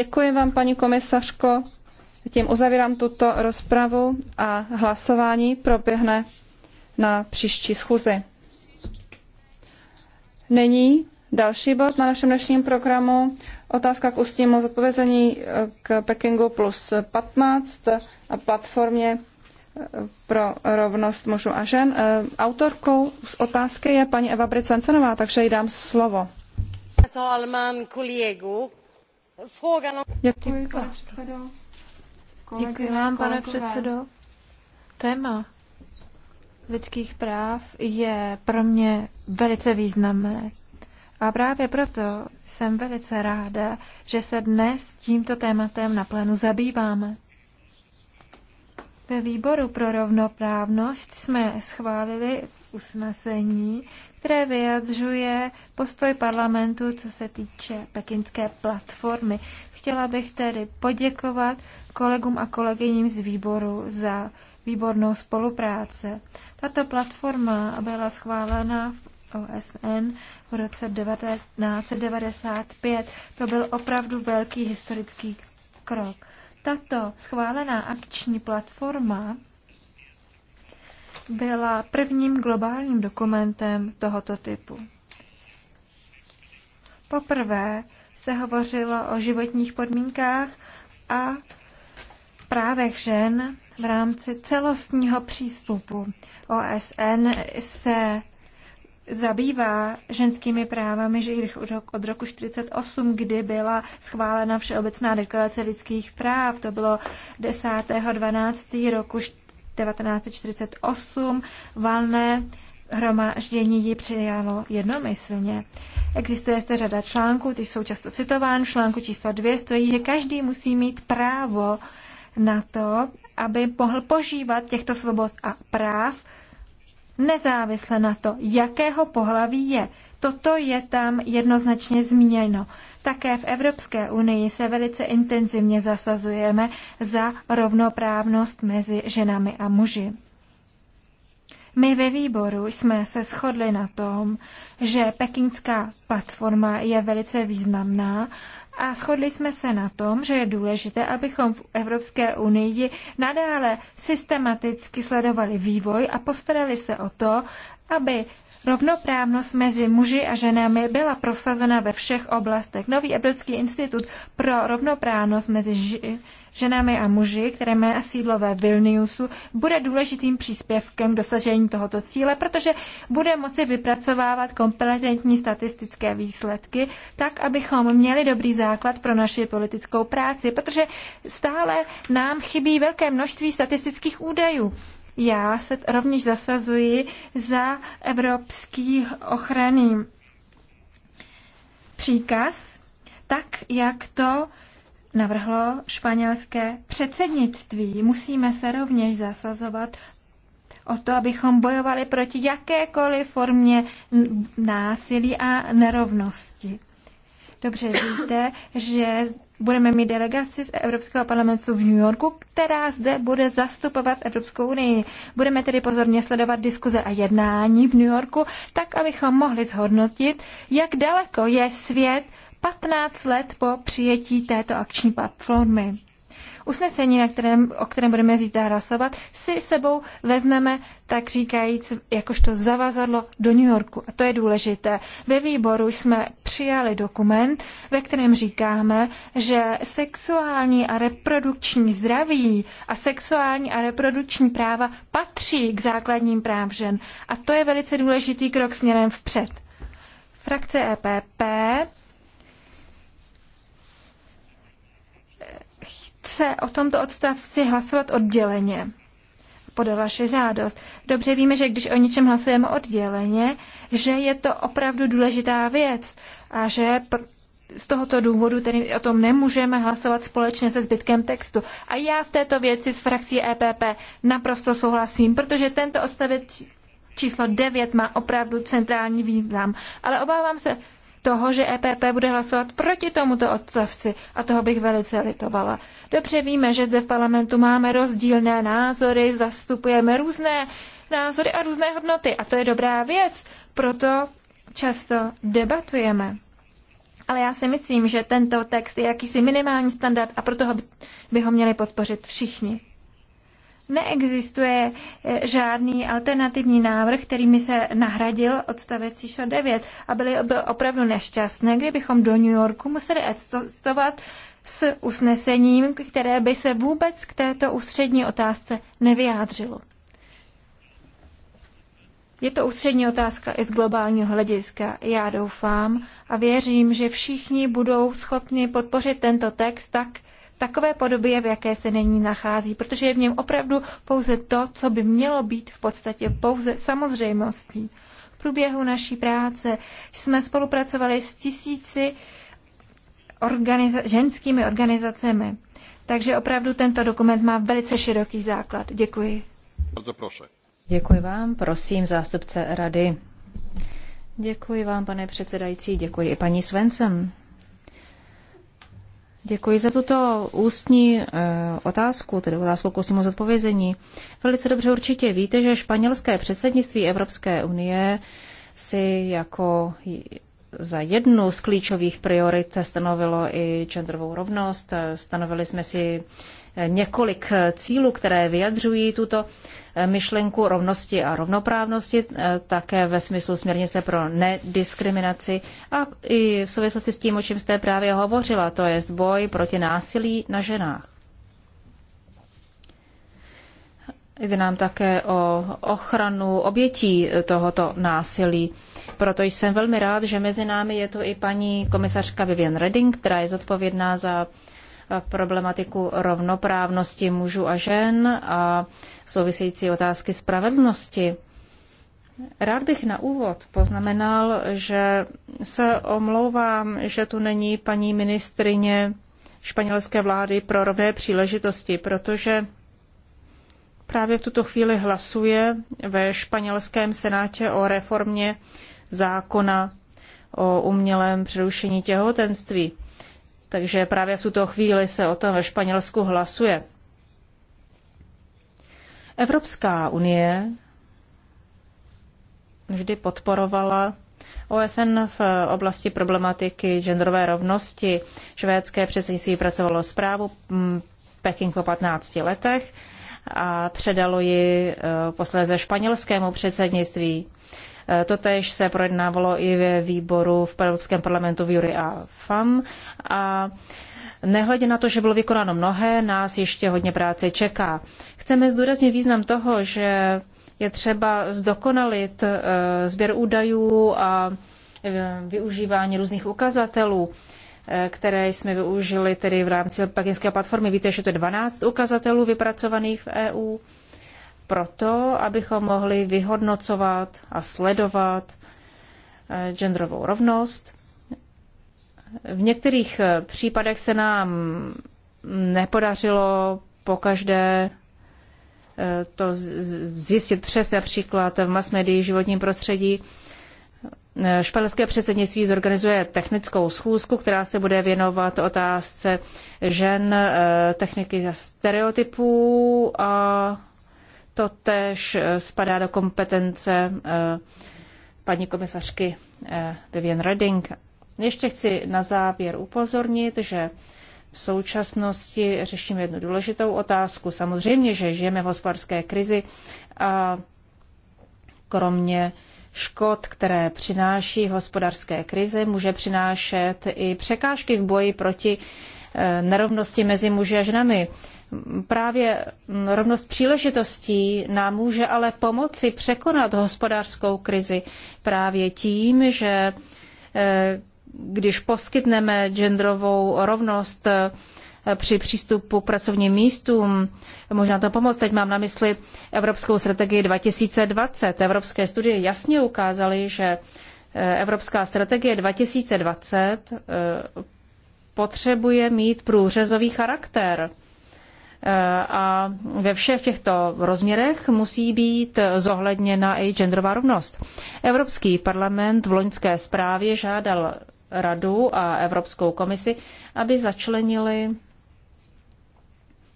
Děkuji vám, paní komisařko. Tím uzavírám tuto rozpravu a hlasování proběhne na příští schůzi. Nyní další bod na našem dnešním programu. Otázka k ústnímu zodpovězení eh, k Pekingu plus 15 a platformě eh, pro rovnost mužů a žen. Eh, autorkou z otázky je paní Eva Bricvencenová, takže jí dám slovo. Děkuji, pane předsedo. Děkuji vám, pane předsedo. Téma lidských práv je pro mě velice významné. A právě proto jsem velice ráda, že se dnes tímto tématem na plénu zabýváme. Ve výboru pro rovnoprávnost jsme schválili usnesení, které vyjadřuje postoj parlamentu, co se týče pekinské platformy. Chtěla bych tedy poděkovat kolegům a kolegyním z výboru za výbornou spolupráce. Tato platforma byla schválena v OSN v roce 1995. To byl opravdu velký historický krok. Tato schválená akční platforma byla prvním globálním dokumentem tohoto typu. Poprvé se hovořilo o životních podmínkách a právech žen v rámci celostního přístupu. OSN se zabývá ženskými právami že od roku 1948, kdy byla schválena Všeobecná deklarace lidských práv. To bylo 10. 12. roku 1948 valné hromáždění ji přijalo jednomyslně. Existuje zde řada článků, ty jsou často citován. V článku číslo 2 stojí, že každý musí mít právo na to, aby mohl požívat těchto svobod a práv nezávisle na to, jakého pohlaví je. Toto je tam jednoznačně zmíněno. Také v Evropské unii se velice intenzivně zasazujeme za rovnoprávnost mezi ženami a muži. My ve výboru jsme se shodli na tom, že pekinská platforma je velice významná a shodli jsme se na tom, že je důležité, abychom v Evropské unii nadále systematicky sledovali vývoj a postarali se o to, aby Rovnoprávnost mezi muži a ženami byla prosazena ve všech oblastech. Nový Ebelský institut pro rovnoprávnost mezi ži- ženami a muži, které má sídlo ve Vilniusu, bude důležitým příspěvkem k dosažení tohoto cíle, protože bude moci vypracovávat kompetentní statistické výsledky, tak, abychom měli dobrý základ pro naši politickou práci, protože stále nám chybí velké množství statistických údajů. Já se rovněž zasazuji za evropský ochranný příkaz, tak jak to navrhlo španělské předsednictví. Musíme se rovněž zasazovat o to, abychom bojovali proti jakékoliv formě násilí a nerovnosti. Dobře víte, že budeme mít delegaci z Evropského parlamentu v New Yorku, která zde bude zastupovat Evropskou unii. Budeme tedy pozorně sledovat diskuze a jednání v New Yorku, tak abychom mohli zhodnotit, jak daleko je svět 15 let po přijetí této akční platformy usnesení, na kterém, o kterém budeme zítra hlasovat, si sebou vezmeme, tak říkajíc, jakožto zavazadlo do New Yorku. A to je důležité. Ve výboru jsme přijali dokument, ve kterém říkáme, že sexuální a reprodukční zdraví a sexuální a reprodukční práva patří k základním práv žen. A to je velice důležitý krok směrem vpřed. Frakce EPP se o tomto odstavci hlasovat odděleně Podala vaše žádost. Dobře víme, že když o něčem hlasujeme odděleně, že je to opravdu důležitá věc a že z tohoto důvodu tedy o tom nemůžeme hlasovat společně se zbytkem textu. A já v této věci s frakcí EPP naprosto souhlasím, protože tento odstavec číslo 9 má opravdu centrální význam. Ale obávám se, toho, že EPP bude hlasovat proti tomuto odstavci a toho bych velice litovala. Dobře víme, že zde v parlamentu máme rozdílné názory, zastupujeme různé názory a různé hodnoty a to je dobrá věc, proto často debatujeme. Ale já si myslím, že tento text je jakýsi minimální standard a proto by ho měli podpořit všichni neexistuje eh, žádný alternativní návrh, který mi se nahradil odstavec číslo 9 a byli by opravdu nešťastné, kdybychom do New Yorku museli odstavovat s usnesením, které by se vůbec k této ústřední otázce nevyjádřilo. Je to ústřední otázka i z globálního hlediska. Já doufám a věřím, že všichni budou schopni podpořit tento text tak, takové podobě, v jaké se není nachází, protože je v něm opravdu pouze to, co by mělo být v podstatě pouze samozřejmostí. V průběhu naší práce jsme spolupracovali s tisíci organiza- ženskými organizacemi. Takže opravdu tento dokument má velice široký základ. Děkuji. Děkuji vám. Prosím zástupce rady. Děkuji vám, pane předsedající. Děkuji i paní Svensson. Děkuji za tuto ústní e, otázku, tedy otázku k ústnímu zodpovězení. Velice dobře určitě víte, že španělské předsednictví Evropské unie si jako za jednu z klíčových priorit stanovilo i genderovou rovnost. Stanovili jsme si eh, několik cílů, které vyjadřují tuto myšlenku rovnosti a rovnoprávnosti, eh, také ve smyslu směrnice pro nediskriminaci a i v souvislosti s tím, o čem jste právě hovořila, to je boj proti násilí na ženách. Jde nám také o ochranu obětí tohoto násilí. Proto jsem velmi rád, že mezi námi je tu i paní komisařka Vivian Redding, která je zodpovědná za problematiku rovnoprávnosti mužů a žen a související otázky spravedlnosti. Rád bych na úvod poznamenal, že se omlouvám, že tu není paní ministrině španělské vlády pro rovné příležitosti, protože právě v tuto chvíli hlasuje ve španělském senátě o reformě zákona o umělém přerušení těhotenství. Takže právě v tuto chvíli se o tom ve Španělsku hlasuje. Evropská unie vždy podporovala OSN v oblasti problematiky genderové rovnosti. Švédské předsednictví pracovalo zprávu mm, Peking po 15 letech a předalo ji e, posléze španělskému předsednictví. Eh, Totež se projednávalo i ve výboru v Evropském parlamentu v Jury a FAM. A Nehledě na to, že bylo vykonáno mnohé, nás ještě hodně práce čeká. Chceme zdůraznit význam toho, že je třeba zdokonalit eh, sběr údajů a eh, využívání různých ukazatelů, které jsme využili tedy v rámci pakinské platformy. Víte, že to je 12 ukazatelů vypracovaných v EU proto, abychom mohli vyhodnocovat a sledovat eh, genderovou rovnost. V některých eh, případech se nám nepodařilo pokaždé eh, to zjistit přes například v mass médii, životním prostředí. Španělské předsednictví zorganizuje technickou schůzku, která se bude věnovat otázce žen, techniky stereotypů a to též eh, spadá do kompetence eh, paní komisařky eh, Vivian Redding. Ještě chci na závěr upozornit, že v současnosti řešíme jednu důležitou otázku. Samozřejmě, že žijeme v hospodářské krizi a kromě škod, které přináší hospodářské krize, může přinášet i překážky v boji proti nerovnosti mezi muži a ženami. Právě rovnost příležitostí nám může ale pomoci překonat hospodářskou krizi právě tím, že eh, když poskytneme genderovou rovnost eh, při přístupu k pracovním místům, možná to pomoct, teď mám na mysli Evropskou strategii 2020. Evropské studie jasně ukázaly, že eh, Evropská strategie 2020 potřebuje mít průřezový charakter a ve všech těchto rozměrech musí být zohledněna i genderová rovnost. Evropský parlament v loňské zprávě žádal Radu a Evropskou komisi, aby začlenili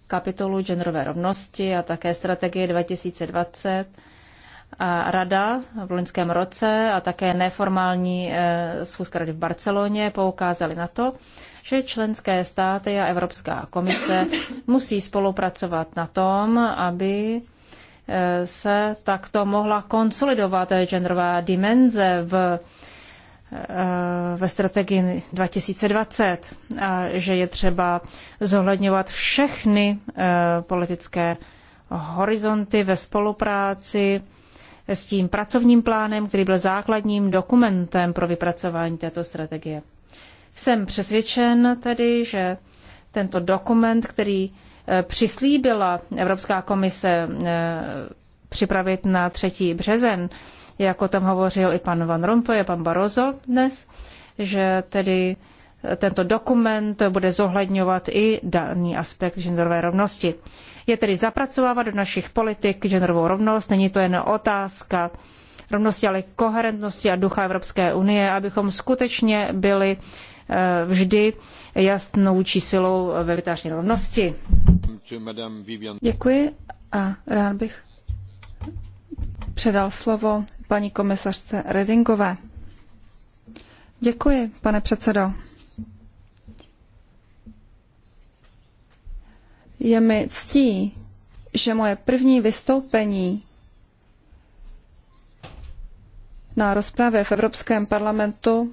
kapitolu genderové rovnosti a také strategie 2020 a rada v loňském roce a také neformální eh, schůzka rady v Barceloně poukázali na to, že členské státy a Evropská komise musí spolupracovat na tom, aby eh, se takto mohla konsolidovat genderová dimenze v eh, ve strategii 2020, a že je třeba zohledňovat všechny eh, politické horizonty ve spolupráci s tím pracovním plánem, který byl základním dokumentem pro vypracování této strategie. Jsem přesvědčen tedy, že tento dokument, který eh, přislíbila Evropská komise eh, připravit na 3. březen, jako tam hovořil i pan Van Rompuy a pan Barroso dnes, že tedy eh, tento dokument bude zohledňovat i daný aspekt genderové rovnosti. Je tedy zapracovávat do našich politik genderovou rovnost, není to jen otázka rovnosti, ale koherentnosti a ducha Evropské unie, abychom skutečně byli Eh, vždy jasnou čísilou ve vytářní rovnosti. Děkuji a rád bych předal slovo paní komisařce Redingové. Děkuji, pane předsedo. Je mi ctí, že moje první vystoupení na rozpravě v Evropském parlamentu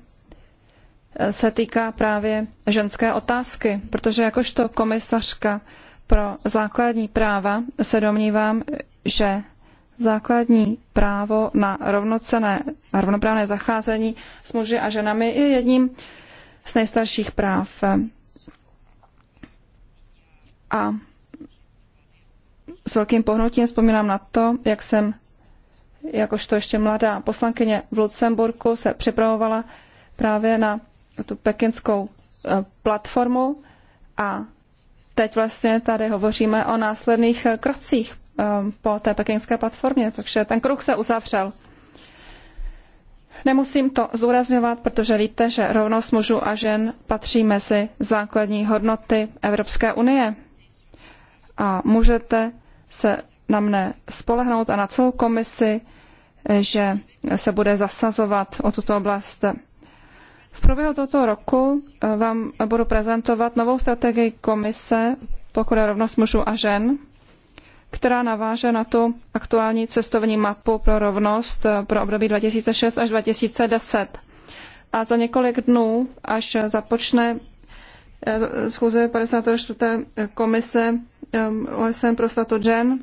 se týká právě ženské otázky, protože jakožto komisařka pro základní práva se domnívám, že základní právo na rovnocené a rovnoprávné zacházení s muži a ženami je jedním z nejstarších práv. A s velkým pohnutím vzpomínám na to, jak jsem jakožto ještě mladá poslankyně v Lucemburku se připravovala právě na tu pekinskou eh, platformu a teď vlastně tady hovoříme o následných eh, krocích eh, po té pekinské platformě, takže ten kruh se uzavřel. Nemusím to zúrazňovat, protože víte, že rovnost mužů a žen patří mezi základní hodnoty Evropské unie. A můžete se na mne spolehnout a na celou komisi, že se bude zasazovat o tuto oblast v průběhu tohoto roku eh, vám budu prezentovat novou strategii komise, pokud je rovnost mužů a žen, která naváže na tu aktuální cestovní mapu pro rovnost eh, pro období 2006 až 2010. A za několik dnů, až započne eh, schůze 54. komise OSN pro statut žen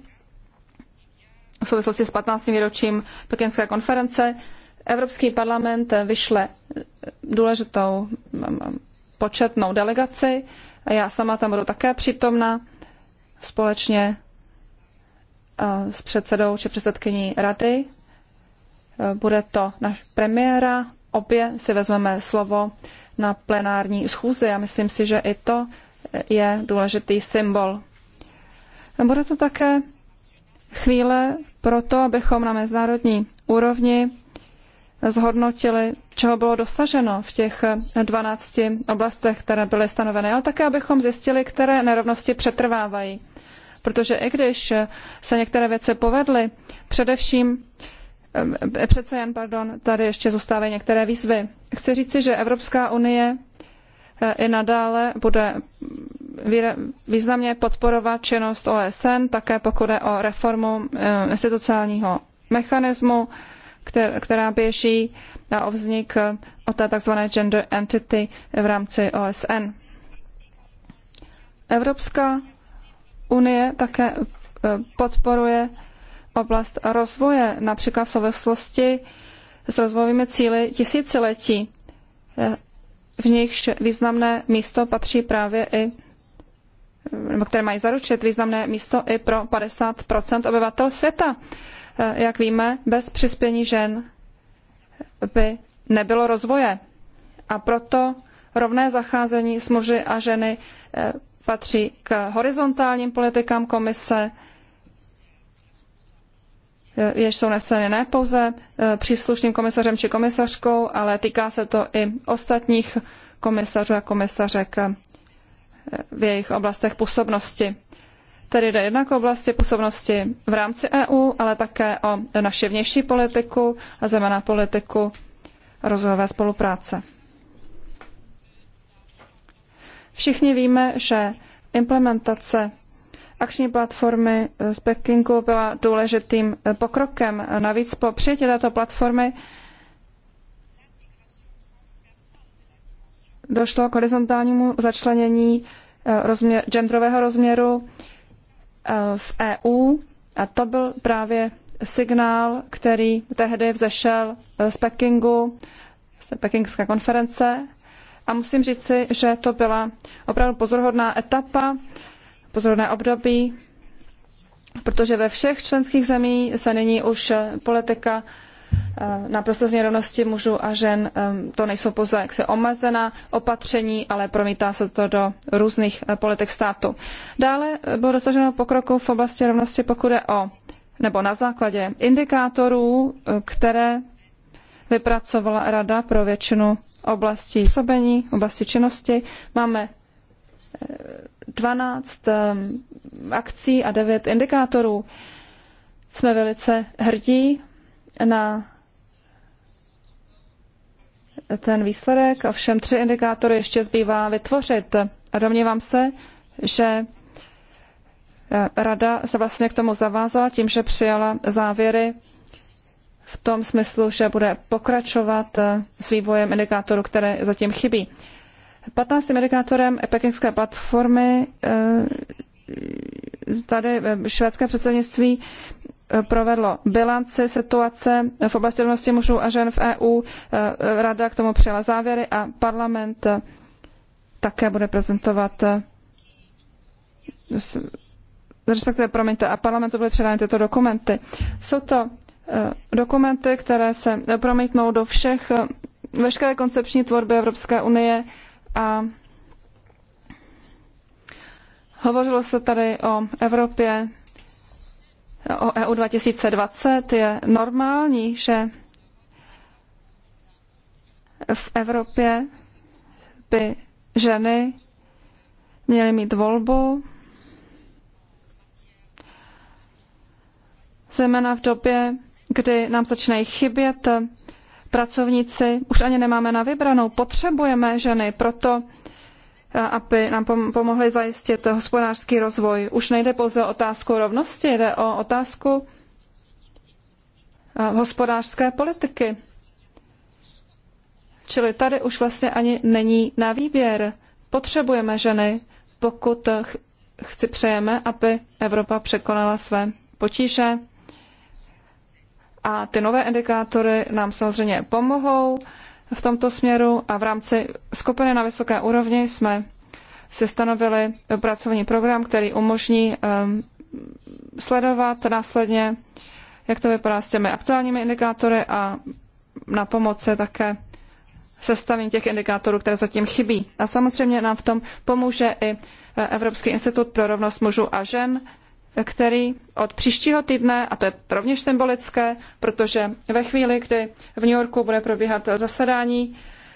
v souvislosti s 15. výročím Pekinské konference, Evropský parlament vyšle důležitou mm, mm, početnou delegaci. Já sama tam budu také přítomna společně eh, s předsedou či předsedkyní rady. Eh, bude to náš premiéra. Obě si vezmeme slovo na plenární schůzi a myslím si, že i to je důležitý symbol. Bude to také chvíle pro to, abychom na mezinárodní úrovni zhodnotili, čeho bylo dosaženo v těch 12 oblastech, které byly stanoveny, ale také abychom zjistili, které nerovnosti přetrvávají. Protože i když se některé věci povedly, především eh, přece jen, pardon, tady ještě zůstávají některé výzvy. Chci říci, že Evropská unie eh, i nadále bude významně podporovat činnost OSN, také pokud je o reformu eh, institucionálního mechanismu, která běží o vznik e, o té tzv. gender entity v rámci OSN. Evropská unie také e, podporuje oblast rozvoje, například v souvislosti s rozvojovými cíly tisíciletí. E, v nichž významné místo patří právě i které mají zaručit významné místo i pro 50 obyvatel světa. Eh, jak víme, bez přispění žen by nebylo rozvoje. A proto rovné zacházení s muži a ženy eh, patří k horizontálním politikám komise, eh, jež jsou neseny ne pouze příslušným komisařem či komisařkou, ale týká se to i ostatních komisařů a komisařek v jejich oblastech působnosti. Tedy jde jednak o oblasti působnosti v rámci EU, ale také o naši vnější politiku a zejména politiku rozvojové spolupráce. Všichni víme, že implementace akční platformy z Pekingu byla důležitým pokrokem. Navíc po přijetí této platformy došlo k horizontálnímu začlenění eh, rozměr, genderového rozměru Eh, v EU a to byl právě signál, který tehdy vzešel eh, z Pekingu, z pekingské konference. A musím říci, že to byla opravdu pozorhodná etapa, pozorhodné období, protože ve všech členských zemí se nyní už politika Eh, na prosazení rovnosti mužů a žen to nejsou pouze jaksi omezená opatření, ale promítá se to do různých eh, politik státu. Dále eh, bylo dosaženo pokroku v oblasti rovnosti, pokud je o nebo na základě indikátorů, které vypracovala Rada pro většinu oblastí působení, oblasti činnosti. Máme 12 akcí a 9 indikátorů. Jsme velice hrdí na ten výsledek, ovšem tři indikátory ještě zbývá vytvořit. A domnívám se, že eh, Rada se vlastně k tomu zavázala tím, že přijala závěry v tom smyslu, že bude pokračovat eh, s vývojem indikátorů, které zatím chybí. 15. indikátorem pekingské platformy eh, tady eh, švédské předsednictví eh, provedlo bilanci situace v oblasti rovnosti mužů a žen v EU. Eh, Rada k tomu přijala závěry a parlament také bude prezentovat respektive, promiňte, a parlamentu byly předány tyto dokumenty. Jsou to dokumenty, které se promítnou do všech, veškeré koncepční tvorby Evropské unie a Hovořilo se tady o Evropě, o EU 2020. Je normální, že v Evropě by ženy měly mít volbu, zejména v době, kdy nám začínají chybět pracovníci, už ani nemáme na vybranou, potřebujeme ženy, proto aby nám pomohly zajistit hospodářský rozvoj. Už nejde pouze o otázku rovnosti, jde o otázku hospodářské politiky. Čili tady už vlastně ani není na výběr. Potřebujeme ženy, pokud chci přejeme, aby Evropa překonala své potíže. A ty nové indikátory nám samozřejmě pomohou v tomto směru a v rámci skupiny na vysoké úrovni jsme se stanovili pracovní program, který umožní ehm, sledovat následně, jak to vypadá s těmi aktuálními indikátory a na pomoci také sestavení těch indikátorů, které zatím chybí. A samozřejmě nám v tom pomůže i Evropský institut pro rovnost mužů a žen, který od příštího týdne, a to je rovněž symbolické, protože ve chvíli, kdy v New Yorku bude probíhat zasedání,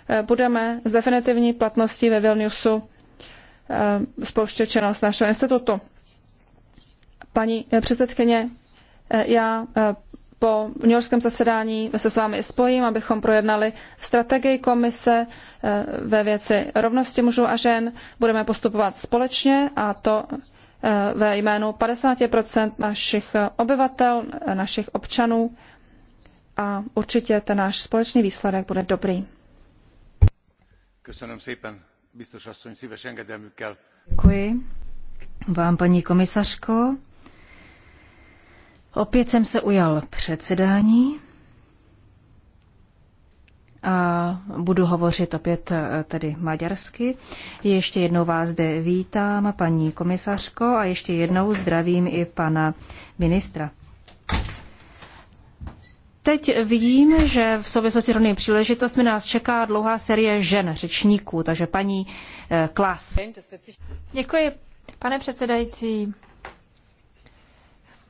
eh, budeme s definitivní platností ve Vilniusu eh, spouštět činnost našeho institutu. Paní eh, předsedkyně, já po New Yorkském zasedání se s vámi spojím, abychom projednali strategii komise ve věci rovnosti mužů a žen. Budeme postupovat společně a to Eh, ve jménu 50 našich obyvatel, našich občanů a určitě ten náš společný výsledek bude dobrý. Děkuji vám, paní komisařko. Opět jsem se ujal předsedání a budu hovořit opět e, tedy maďarsky. Ještě jednou vás zde vítám, paní komisařko, a ještě jednou zdravím i pana ministra. Teď vidím, že v souvislosti s rovnými příležitostmi nás čeká dlouhá série žen řečníků, takže paní e, Klas. Děkuji, pane předsedající.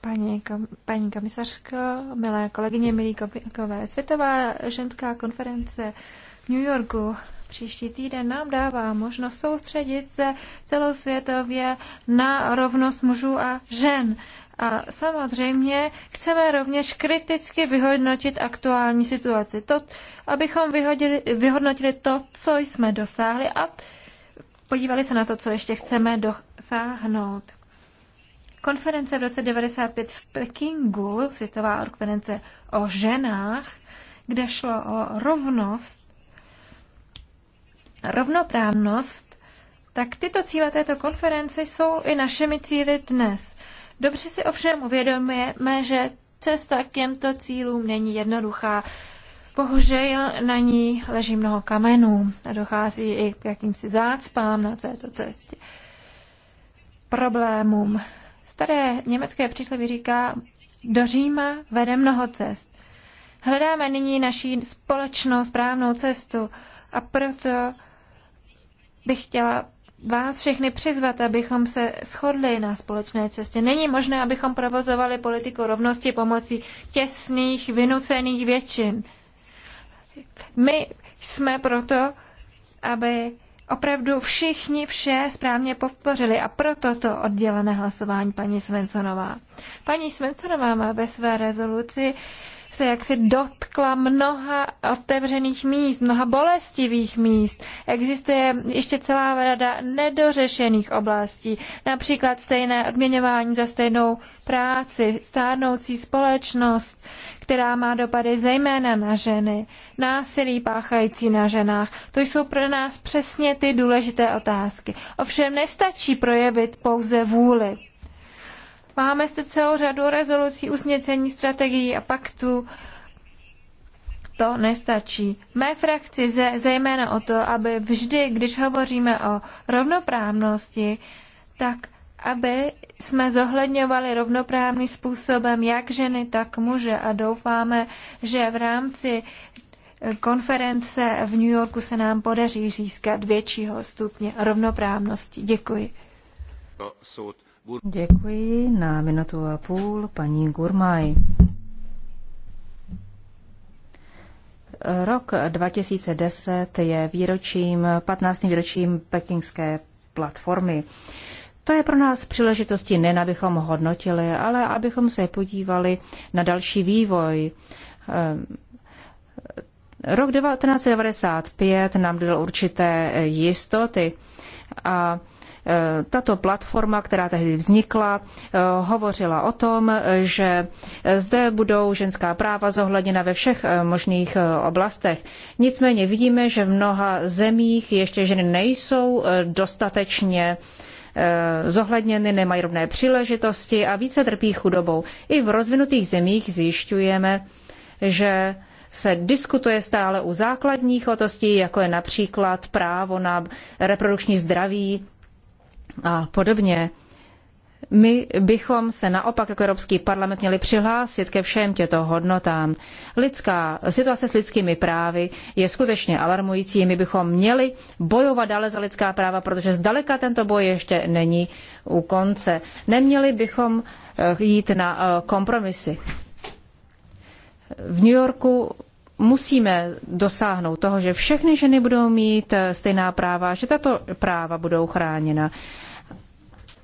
Paní, kom, paní komisařko, milé kolegyně, milí kolegové, Světová ženská konference v New Yorku příští týden nám dává možnost soustředit se celosvětově na rovnost mužů a žen. A samozřejmě chceme rovněž kriticky vyhodnotit aktuální situaci, to, abychom vyhodili, vyhodnotili to, co jsme dosáhli a podívali se na to, co ještě chceme dosáhnout. Konference v roce 95 v Pekingu, světová konference o ženách, kde šlo o rovnost, rovnoprávnost, tak tyto cíle této konference jsou i našimi cíly dnes. Dobře si ovšem uvědomujeme, že cesta k těmto cílům není jednoduchá. Bohužel na ní leží mnoho kamenů a dochází i k jakýmsi zácpám na této cestě, problémům staré německé přísloví říká, do Říma vede mnoho cest. Hledáme nyní naši společnou správnou cestu a proto bych chtěla vás všechny přizvat, abychom se shodli na společné cestě. Není možné, abychom provozovali politiku rovnosti pomocí těsných, vynucených většin. My jsme proto, aby opravdu všichni vše správně podpořili a proto to oddělené hlasování paní Svensonová. Paní Svensonová má ve své rezoluci se jaksi dotkla mnoha otevřených míst, mnoha bolestivých míst. Existuje ještě celá rada nedořešených oblastí, například stejné odměňování za stejnou práci, stárnoucí společnost, která má dopady zejména na ženy, násilí páchající na ženách. To jsou pro nás přesně ty důležité otázky. Ovšem nestačí projevit pouze vůli. Máme zde celou řadu rezolucí, usměcení, strategií a paktů, to nestačí. Mé frakci ze, zejména o to, aby vždy, když hovoříme o rovnoprávnosti, tak aby jsme zohledňovali rovnoprávným způsobem jak ženy, tak muže a doufáme, že v rámci eh, konference v New Yorku se nám podaří získat většího stupně rovnoprávnosti. Děkuji. Děkuji na minutu a půl paní Gurmaj. Rok 2010 je výročím, 15. výročím pekingské platformy. To je pro nás příležitosti, ne, abychom hodnotili, ale abychom se podívali na další vývoj. Ehm, rok 1995 nám dal určité eh, jistoty a eh, tato platforma, která tehdy vznikla, eh, hovořila o tom, že zde budou ženská práva zohledněna ve všech možných oblastech. Nicméně vidíme, že v mnoha zemích ještě ženy nejsou dostatečně uh, Eh, zohledněny, nemají rovné příležitosti a více trpí chudobou. I v rozvinutých zemích zjišťujeme, že se diskutuje stále u základních otostí, jako je například právo na reprodukční zdraví a podobně. My bychom se naopak jako Evropský parlament měli přihlásit ke všem těmto hodnotám. Lidská situace s lidskými právy je skutečně alarmující. My bychom měli bojovat dále za lidská práva, protože zdaleka tento boj ještě není u konce. Neměli bychom eh, jít na eh, kompromisy. V New Yorku musíme dosáhnout toho, že všechny ženy budou mít eh, stejná práva, že tato práva budou chráněna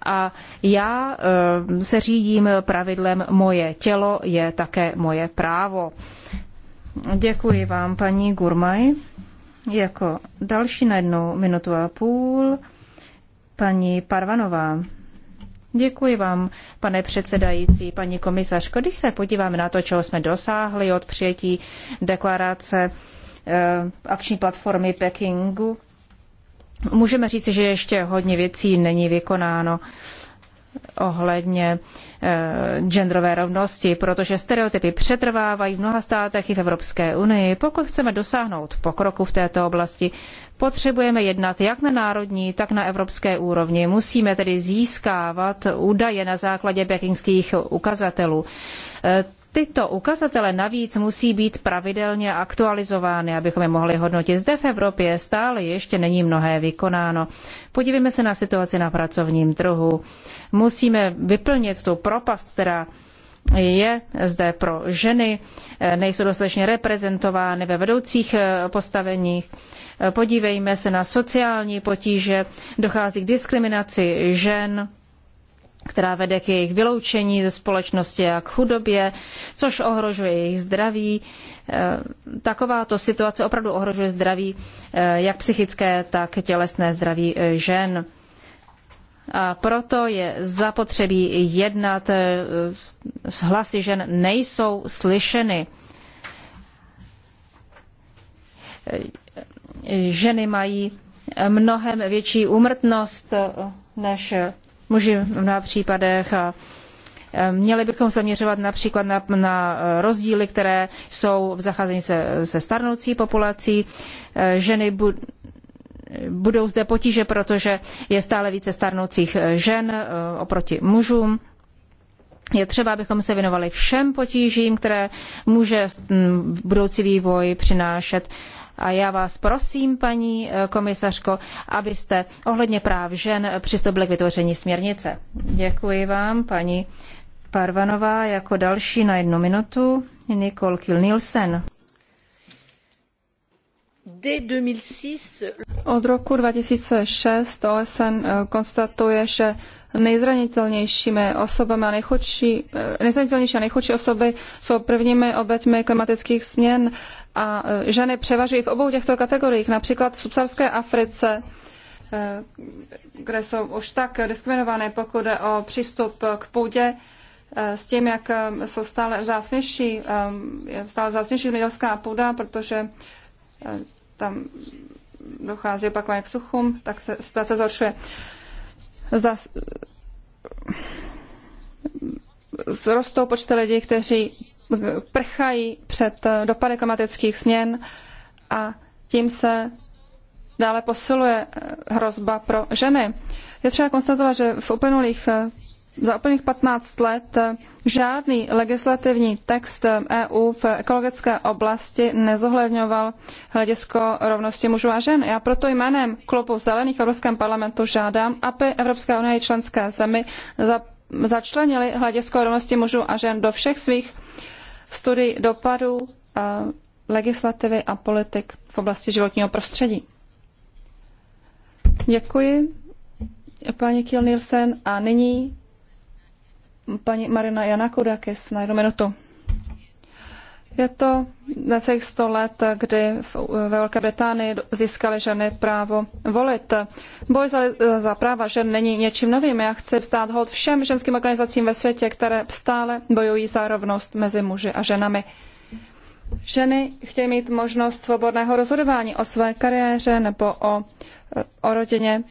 a já eh, se řídím pravidlem moje tělo je také moje právo. Děkuji vám, paní Gurmaj. Jako další na jednu minutu a půl, paní Parvanová. Děkuji vám, pane předsedající, paní komisařko. Když se podíváme na to, čeho jsme dosáhli od přijetí deklarace eh, akční platformy Pekingu, Můžeme říci, že ještě hodně věcí není vykonáno ohledně e, genderové rovnosti, protože stereotypy přetrvávají v mnoha státech i v Evropské unii. Pokud chceme dosáhnout pokroku v této oblasti, potřebujeme jednat jak na národní, tak na evropské úrovni. Musíme tedy získávat údaje na základě pekingských ukazatelů. E, Tyto ukazatele navíc musí být pravidelně aktualizovány, abychom je mohli hodnotit. Zde v Evropě stále ještě není mnohé vykonáno. Podívejme se na situaci na pracovním trhu. Musíme vyplnit tu propast, která je zde pro ženy, nejsou dostatečně reprezentovány ve vedoucích eh, postaveních. Podívejme se na sociální potíže, dochází k diskriminaci žen která vede k jejich vyloučení ze společnosti a k chudobě, což ohrožuje jejich zdraví. E, takováto situace opravdu ohrožuje zdraví e, jak psychické, tak tělesné zdraví e, žen. A proto je zapotřebí jednat, hlasy žen nejsou slyšeny. Ženy mají mnohem větší úmrtnost než muži v mnoha případech. A e, měli bychom zaměřovat například na, na rozdíly, které jsou v zacházení se, se starnoucí populací. E, ženy bu, budou zde potíže, protože je stále více starnoucích žen e, oproti mužům. Je třeba, abychom se věnovali všem potížím, které může budoucí vývoj přinášet a já vás prosím, paní eh, komisařko, abyste ohledně práv žen přistoupili k vytvoření směrnice. Děkuji vám, paní Parvanová. Jako další na jednu minutu Nicole Kilnielsen. Od roku 2006 OSN eh, konstatuje, že nejzranitelnějšími osobami a nejchudší, eh, nejzranitelnější a nejchudší osoby jsou prvními oběťmi klimatických změn a e, ženy převažují v obou těchto kategoriích, například v subsaharské Africe, e, kde jsou už tak diskriminované, pokud jde o přístup k půdě, e, s tím, jak jsou stále zásnější, je stále zásnější zemědělská půda, protože tam dochází opakovaně k suchům, tak se situace zhoršuje. Zda, zrostou počty lidí, kteří prchají před eh, dopady klimatických změn a tím se dále posiluje eh, hrozba pro ženy. Je třeba konstatovat, že v uplynulých eh, za úplných 15 let žádný legislativní text EU e v ekologické oblasti nezohledňoval hledisko rovnosti mužů a žen. Já proto jménem klubu Zelených v Evropském parlamentu žádám, aby Evropská unie i členské zemi začlenili hledisko rovnosti mužů a žen do všech svých studii dopadů eh, legislativy a politik v oblasti životního prostředí. Děkuji, paní Kiel Nielsen. A nyní paní Marina Janakudakis na jednu minutu. Je to necelých 100 let, kdy ve Velké Británii získaly ženy právo volit. Boj za, za práva žen není něčím novým. Já chci vstát hod všem ženským organizacím ve světě, které stále bojují za rovnost mezi muži a ženami. Ženy chtějí mít možnost svobodného rozhodování o své kariéře nebo o, o rodině.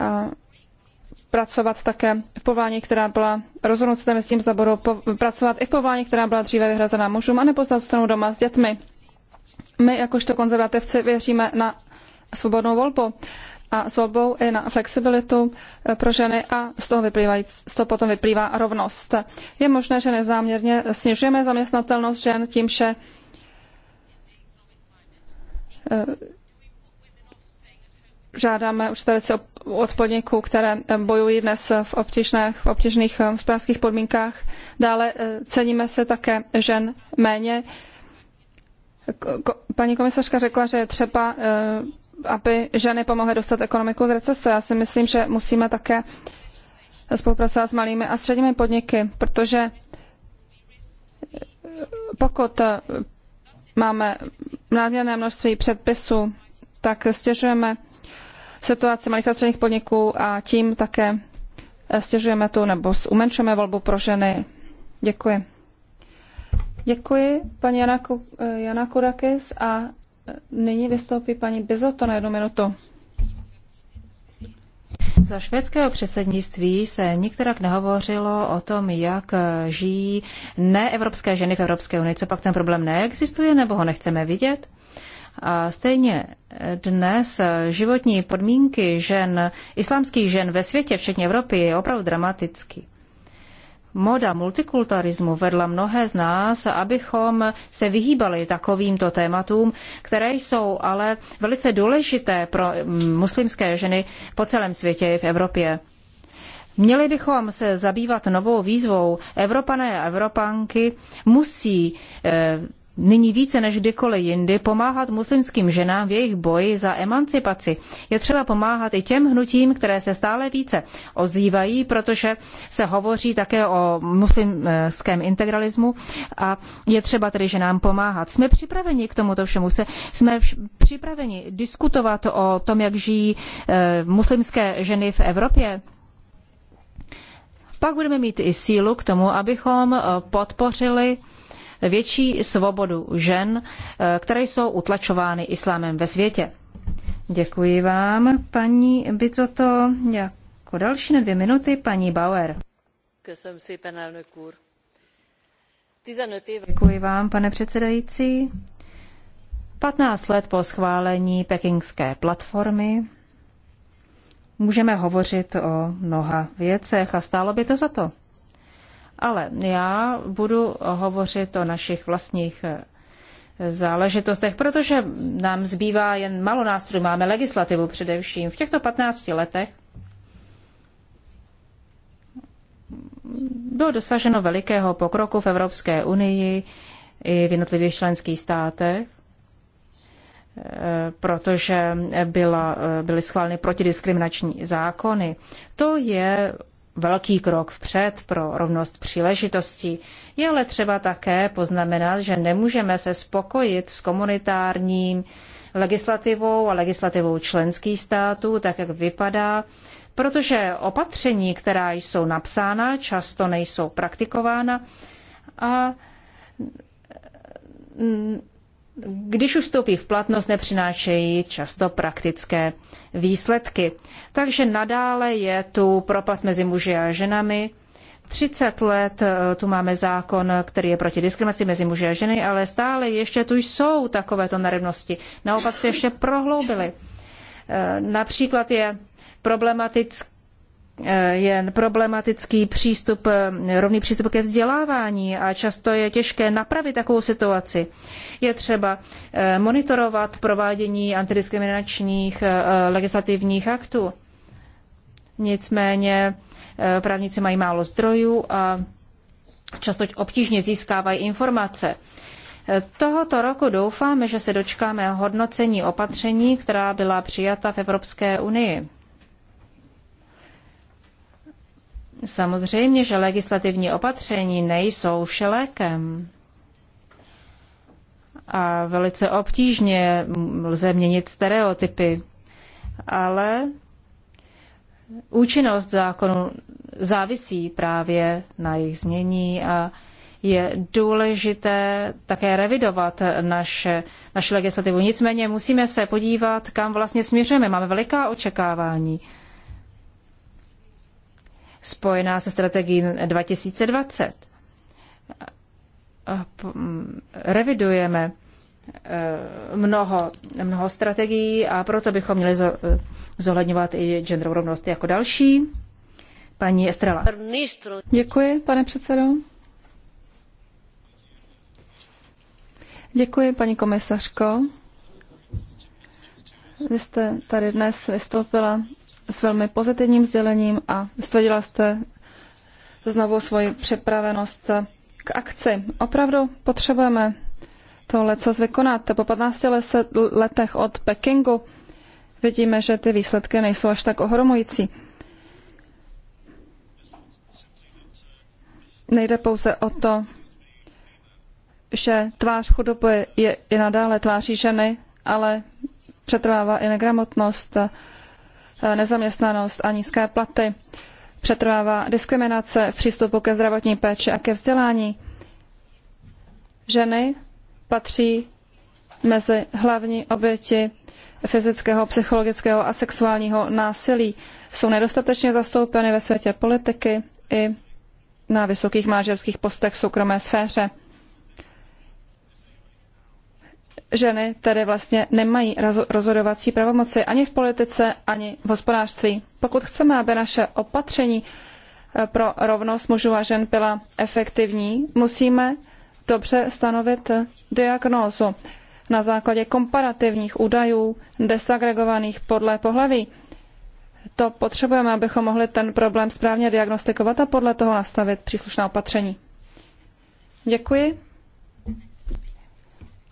A pracovat také v povolání, která byla se s tím, zda budou pracovat i v povolání, která byla dříve vyhrazená mužům, anebo zda zůstanou doma s dětmi. My, jakožto konzervativci, věříme na svobodnou volbu a s volbou i na flexibilitu eh, pro ženy a z toho, vyplývají, z toho potom vyplývá rovnost. Je možné, že nezáměrně snižujeme zaměstnatelnost žen tím, že eh, žádáme určité věci od podniků, které eh, bojují dnes v obtížných, v obtížných eh, hospodářských podmínkách. Dále eh, ceníme se také žen méně. Paní komisařka řekla, že je třeba, aby ženy pomohly dostat ekonomiku z recese. Já si myslím, že musíme také spolupracovat s malými a středními podniky, protože pokud máme nadměrné množství předpisů, tak stěžujeme situaci malých a středních podniků a tím také eh, stěžujeme tu nebo umenšujeme volbu pro ženy. Děkuji. Děkuji, paní Jana, eh, Jana Kurakis a eh, nyní vystoupí paní Bizoto na jednu minutu. Za švédského předsednictví se nikterak nehovořilo o tom, jak žijí neevropské ženy v Evropské unii. Co pak ten problém neexistuje, nebo ho nechceme vidět? stejně dnes životní podmínky žen, islámských žen ve světě, včetně Evropy, je opravdu dramatický. Moda multikulturalismu vedla mnohé z nás, abychom se vyhýbali takovýmto tématům, které jsou ale velice důležité pro mm, muslimské ženy po celém světě i v Evropě. Měli bychom se zabývat novou výzvou. Evropané a Evropanky musí eh, nyní více než kdykoliv jindy pomáhat muslimským ženám v jejich boji za emancipaci. Je třeba pomáhat i těm hnutím, které se stále více ozývají, protože se hovoří také o muslimském integralismu a je třeba tedy ženám pomáhat. Jsme připraveni k tomuto všemu, se, jsme připraveni diskutovat o tom, jak žijí eh, muslimské ženy v Evropě. Pak budeme mít i sílu k tomu, abychom eh, podpořili větší svobodu žen, eh, které jsou utlačovány islámem ve světě. Děkuji vám, paní Bicoto. Jako další na dvě minuty paní Bauer. Děkuji vám, pane předsedající. 15 let po schválení pekingské platformy můžeme hovořit o mnoha věcech a stálo by to za to. Ale já budu hovořit o našich vlastních eh, záležitostech, protože nám zbývá jen malo nástrojů. Máme legislativu především. V těchto 15 letech bylo dosaženo velikého pokroku v Evropské unii i v jednotlivých členských státech eh, protože byla, eh, byly schváleny protidiskriminační zákony. To je velký krok vpřed pro rovnost příležitostí. Je ale třeba také poznamenat, že nemůžeme se spokojit s komunitárním legislativou a legislativou členských států, tak jak vypadá, protože opatření, která jsou napsána, často nejsou praktikována a když už vstoupí v platnost, nepřinášejí často praktické výsledky. Takže nadále je tu propast mezi muži a ženami. 30 let eh, tu máme zákon, který je proti diskriminaci mezi muži a ženy, ale stále ještě tu jsou takovéto nerovnosti. Naopak se ještě prohloubily. Eh, například je problematický Eh, jen problematický přístup, eh, rovný přístup ke vzdělávání a často je těžké napravit takovou situaci. Je třeba eh, monitorovat provádění antidiskriminačních legislativních aktů. Nicméně právníci mají málo zdrojů a často obtížně získávají informace. Tohoto roku doufáme, že se dočkáme hodnocení opatření, která byla přijata v Evropské unii. Samozřejmě, že legislativní opatření nejsou všelékem. A velice obtížně lze měnit stereotypy. Ale účinnost zákonu závisí právě na jejich znění a je důležité také revidovat naše, naši legislativu. Nicméně musíme se podívat, kam vlastně směřujeme. Máme veliká očekávání spojená se strategií 2020. Revidujeme e, mnoho, mnoho strategií a proto bychom měli e, zohledňovat i genderovou rovnost jako další. Paní Estrela. Děkuji, pane předsedo. Děkuji, paní komisařko. Vy jste tady dnes vystoupila s velmi pozitivním sdělením a stvrdila jste znovu svoji připravenost k akci. Opravdu potřebujeme tohle, co vykonat. Po 15 letech od Pekingu vidíme, že ty výsledky nejsou až tak ohromující. Nejde pouze o to, že tvář chudoby je i nadále tváří ženy, ale přetrvává i negramotnost, Eh, nezaměstnanost a nízké platy. Přetrvává diskriminace v přístupu ke zdravotní péči a ke vzdělání. Ženy patří mezi hlavní oběti fyzického, psychologického a sexuálního násilí. Jsou nedostatečně zastoupeny ve světě politiky i na vysokých manažerských postech v soukromé sféře ženy tedy vlastně nemají rozhodovací pravomoci ani v politice, ani v hospodářství. Pokud chceme, aby naše opatření eh, pro rovnost mužů a žen byla efektivní, musíme dobře stanovit eh, diagnózu na základě komparativních údajů desagregovaných podle pohlaví. To potřebujeme, abychom mohli ten problém správně diagnostikovat a podle toho nastavit příslušná opatření. Děkuji.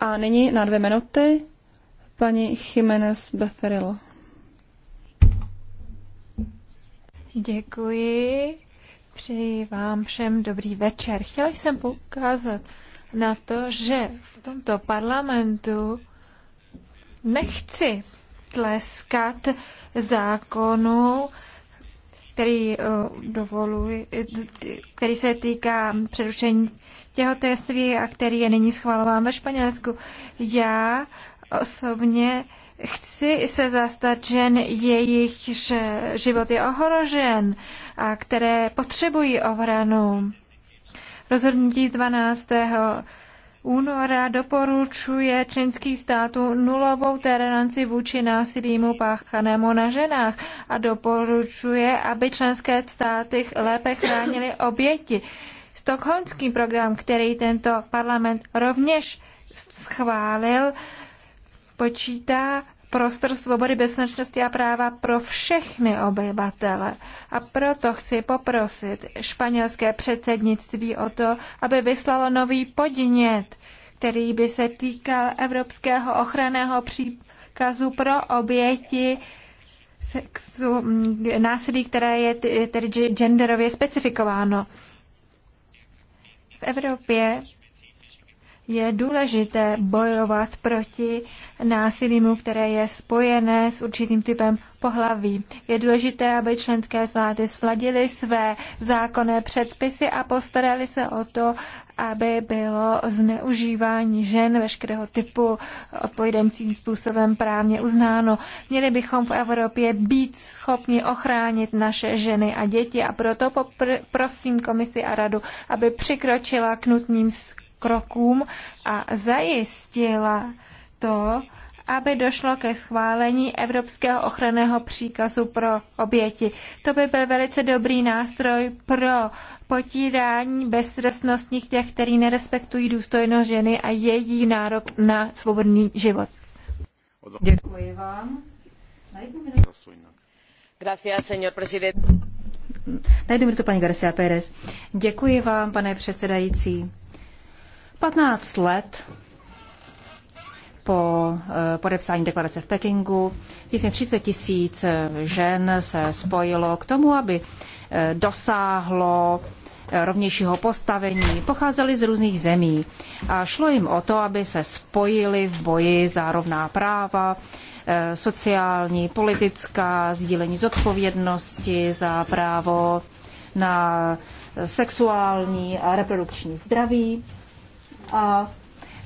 A nyní na dvě minuty paní Jiménez Beferil. Děkuji. Přeji vám všem dobrý večer. Chtěla jsem poukázat na to, že v tomto parlamentu nechci tleskat zákonu, který, eh, dovoluji, který se týká přerušení těhotenství a který je nyní schvalován ve Španělsku. Já osobně chci se zastat žen, jejich život je ohrožen a které potřebují ochranu. Rozhodnutí 12 února doporučuje členských státu nulovou toleranci vůči násilímu páchanému na ženách a doporučuje, aby členské státy lépe chránily oběti. Stockholmský program, který tento parlament rovněž schválil, počítá prostor svobody, bezpečnosti a práva pro všechny obyvatele. A proto chci poprosit španělské předsednictví o to, aby vyslalo nový podnět, který by se týkal evropského ochranného příkazu pro oběti sexu, násilí, které je tedy genderově specifikováno. V Evropě je důležité bojovat proti násilímu, které je spojené s určitým typem pohlaví. Je důležité, aby členské státy sladily své zákonné předpisy a postarali se o to, aby bylo zneužívání žen veškerého typu odpovídajícím způsobem právně uznáno. Měli bychom v Evropě být schopni ochránit naše ženy a děti a proto prosím komisi a radu, aby přikročila k nutným krokům a zajistila to, aby došlo ke schválení Evropského ochranného příkazu pro oběti. To by byl velice dobrý nástroj pro potírání beztrestnostních těch, kteří nerespektují důstojnost ženy a její nárok na svobodný život. Děkuji vám. Gracias, señor presidente. paní Garcia Pérez. Děkuji vám, pane předsedající. 15 let po eh, podepsání deklarace v Pekingu více 30 tisíc eh, žen se spojilo k tomu, aby eh, dosáhlo rovnějšího postavení, pocházeli z různých zemí a šlo jim o to, aby se spojili v boji za rovná práva, sociální, politická, sdílení zodpovědnosti za právo na sexuální a reprodukční zdraví. A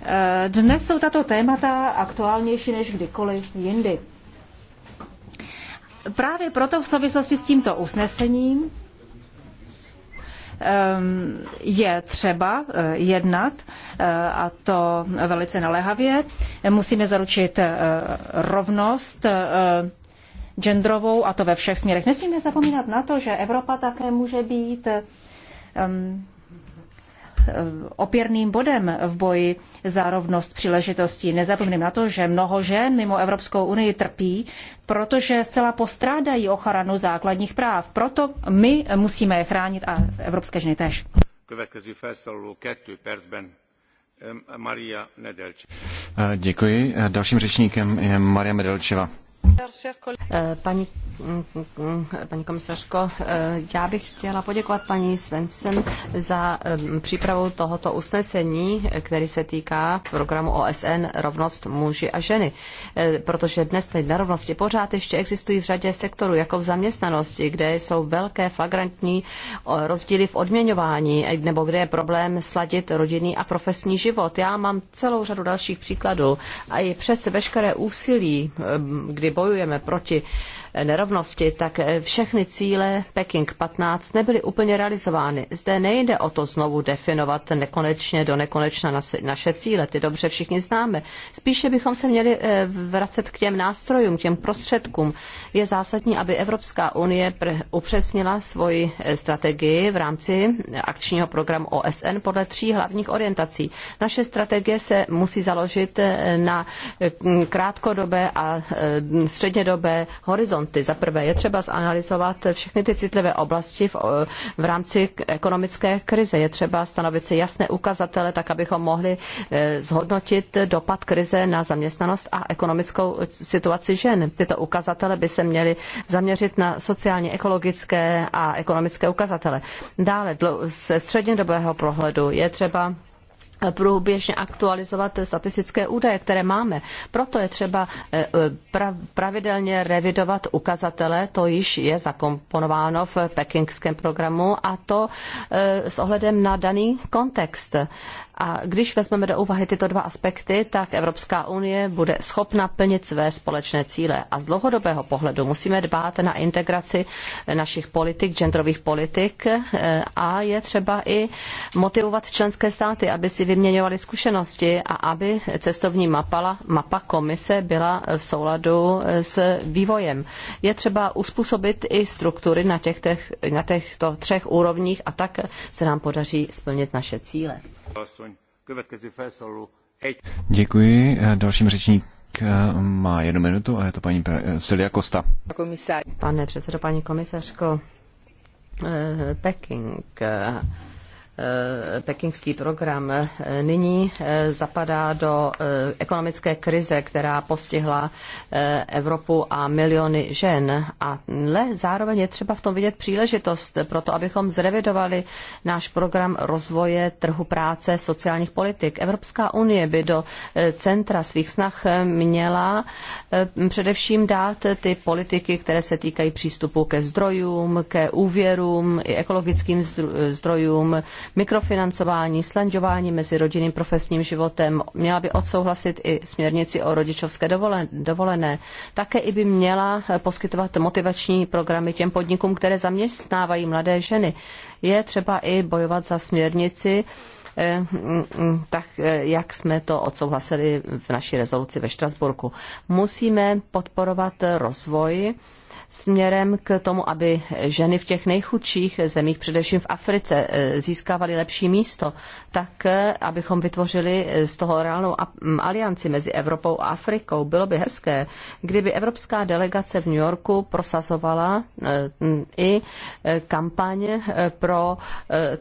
e, dnes jsou tato témata aktuálnější než kdykoliv jindy. Právě proto v souvislosti s tímto usnesením je třeba e, jednat, e, a to velice naléhavě. Musíme zaručit rovnost genderovou, a to ve všech směrech. Nesmíme zapomínat na to, že Evropa také může být Eh, opěrným bodem v boji za rovnost příležitostí. Nezapomeňme na to, že mnoho žen mimo Evropskou unii trpí, protože zcela postrádají ochranu základních práv. Proto my musíme je chránit a evropské ženy tež. Eh, eh, děkuji. Dalším řečníkem je Maria Medelčeva. Eh, paní, paní komisařko, eh, já bych chtěla poděkovat paní Svensson za eh, přípravu tohoto usnesení, který se týká programu OSN Rovnost muži a ženy. Protože dnes ty nerovnosti pořád ještě existují v řadě sektorů, jako v zaměstnanosti, kde jsou velké flagrantní rozdíly v odměňování, nebo kde je problém sladit rodinný a profesní život. Já mám celou řadu dalších příkladů a i přes veškeré úsilí, kdy kdy bojujeme proti nerovnosti, tak všechny cíle Peking 15 nebyly úplně realizovány. Zde nejde o to znovu definovat nekonečně do nekonečna naše cíle, ty dobře všichni známe. Spíše bychom se měli eh, vracet k těm nástrojům, k těm prostředkům. Je zásadní, aby Evropská unie upřesnila svoji eh, strategii v rámci eh, akčního programu OSN podle tří hlavních orientací. Naše strategie se musí založit na krátkodobé a střednědobé horizonty horizonty. Za prvé je třeba zanalizovat všechny ty citlivé oblasti v, v rámci ekonomické krize. Je třeba stanovit si jasné ukazatele, tak abychom mohli eh, zhodnotit dopad krize na zaměstnanost a ekonomickou situaci žen. Tyto ukazatele by se měly zaměřit na sociálně, ekologické a ekonomické ukazatele. Dále ze střednědobého pohledu je třeba průběžně aktualizovat statistické údaje, které máme. Proto je třeba eh, pravidelně revidovat ukazatele, to již je zakomponováno v pekingském programu a to eh, s ohledem na daný kontext. A když vezmeme do úvahy tyto dva aspekty, tak Evropská unie bude schopna plnit své společné cíle. A z dlouhodobého pohledu musíme dbát na integraci našich politik, genderových politik eh, a je třeba i motivovat členské státy, aby si vyměňovaly zkušenosti a aby cestovní mapa, mapa komise byla v souladu s vývojem. Je třeba uspůsobit i struktury na, těch, na těchto třech úrovních a tak se nám podaří splnit naše cíle. Děkuji. Dalším řečník eh, má jednu minutu a je to paní eh, Silvia Costa. Pane předsedo, paní komisařko, eh, Peking Eh, pekingský program eh, nyní eh, zapadá do ekonomické krize, která postihla Evropu a miliony žen. A zároveň je třeba v tom vidět příležitost pro to, abychom zrevidovali náš program rozvoje trhu práce sociálních politik. Evropská unie by do centra svých snah měla především dát ty politiky, které se týkají přístupu ke zdrojům, ke úvěrům, i ekologickým zdrojům, mikrofinancování, slanďování mezi rodinným profesním životem. Měla by odsouhlasit i směrnici o rodičovské dovolené. Také i by měla poskytovat motivační programy těm podnikům, které zaměstnávají mladé ženy. Je třeba i bojovat za směrnici, eh, tak eh, jak jsme to odsouhlasili v naší rezoluci ve Štrasburku. Musíme podporovat rozvoj směrem k tomu, aby ženy v těch nejchudších zemích, především v Africe, eh, získávaly lepší místo, tak eh, abychom vytvořili z toho reálnou alianci mezi Evropou a Afrikou. Bylo by hezké, kdyby evropská delegace v New Yorku prosazovala eh, i kampaň pro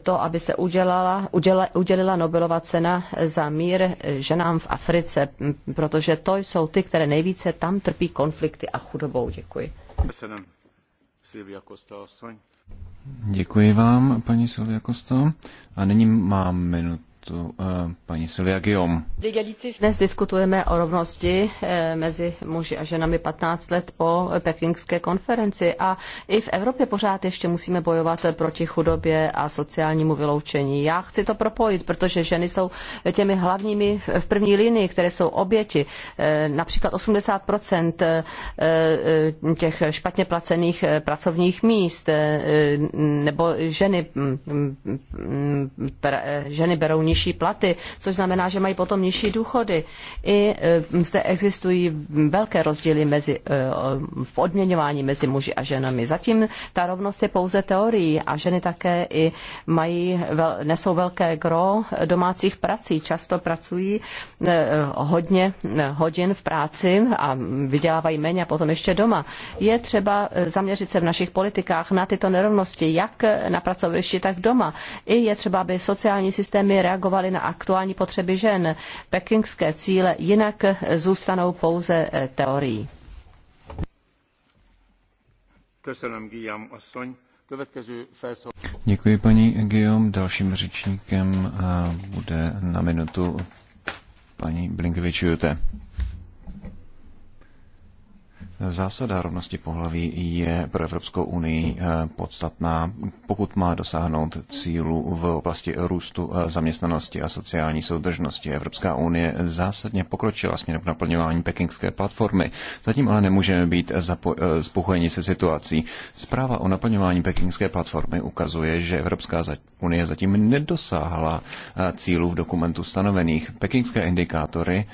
to, aby se udělala, uděla, udělila Nobelova cena za mír ženám v Africe, protože to jsou ty, které nejvíce tam trpí konflikty a chudobou. Děkuji. Děkuji vám, paní Silvia Kosto. A nyní mám minut minutu eh, paní Silvia Guillaume. Dnes diskutujeme o rovnosti eh, mezi muži a ženami 15 let po pekingské konferenci a i v Evropě pořád ještě musíme bojovat proti chudobě a sociálnímu vyloučení. Já chci to propojit, protože ženy jsou těmi hlavními v první linii, které jsou oběti. Eh, například 80% těch špatně placených pracovních míst nebo ženy, ženy berou nižší platy, což znamená, že mají potom nižší důchody. I e, zde existují velké rozdíly mezi, e, v odměňování mezi muži a ženami. Zatím ta rovnost je pouze teorií a ženy také i mají, nesou velké gro domácích prací. Často pracují e, hodně hodin v práci a vydělávají méně a potom ještě doma. Je třeba zaměřit se v našich politikách na tyto nerovnosti, jak na pracovišti, tak doma. I je třeba, aby sociální systémy reagovaly reagovali na aktuální potřeby žen. Pekingské cíle jinak zůstanou pouze eh, teorií. Děkuji paní Guillaume. Dalším řečníkem eh, bude na minutu paní Blinkevičiute. Zásada rovnosti pohlaví je pro Evropskou unii eh, podstatná, pokud má dosáhnout cílu v oblasti růstu eh, zaměstnanosti a sociální soudržnosti. Evropská unie zásadně pokročila směrem k naplňování pekingské platformy. Zatím ale nemůžeme být eh, spokojeni se situací. Zpráva o naplňování pekingské platformy ukazuje, že Evropská unie zatím nedosáhla cílů v dokumentu stanovených. Pekingské indikátory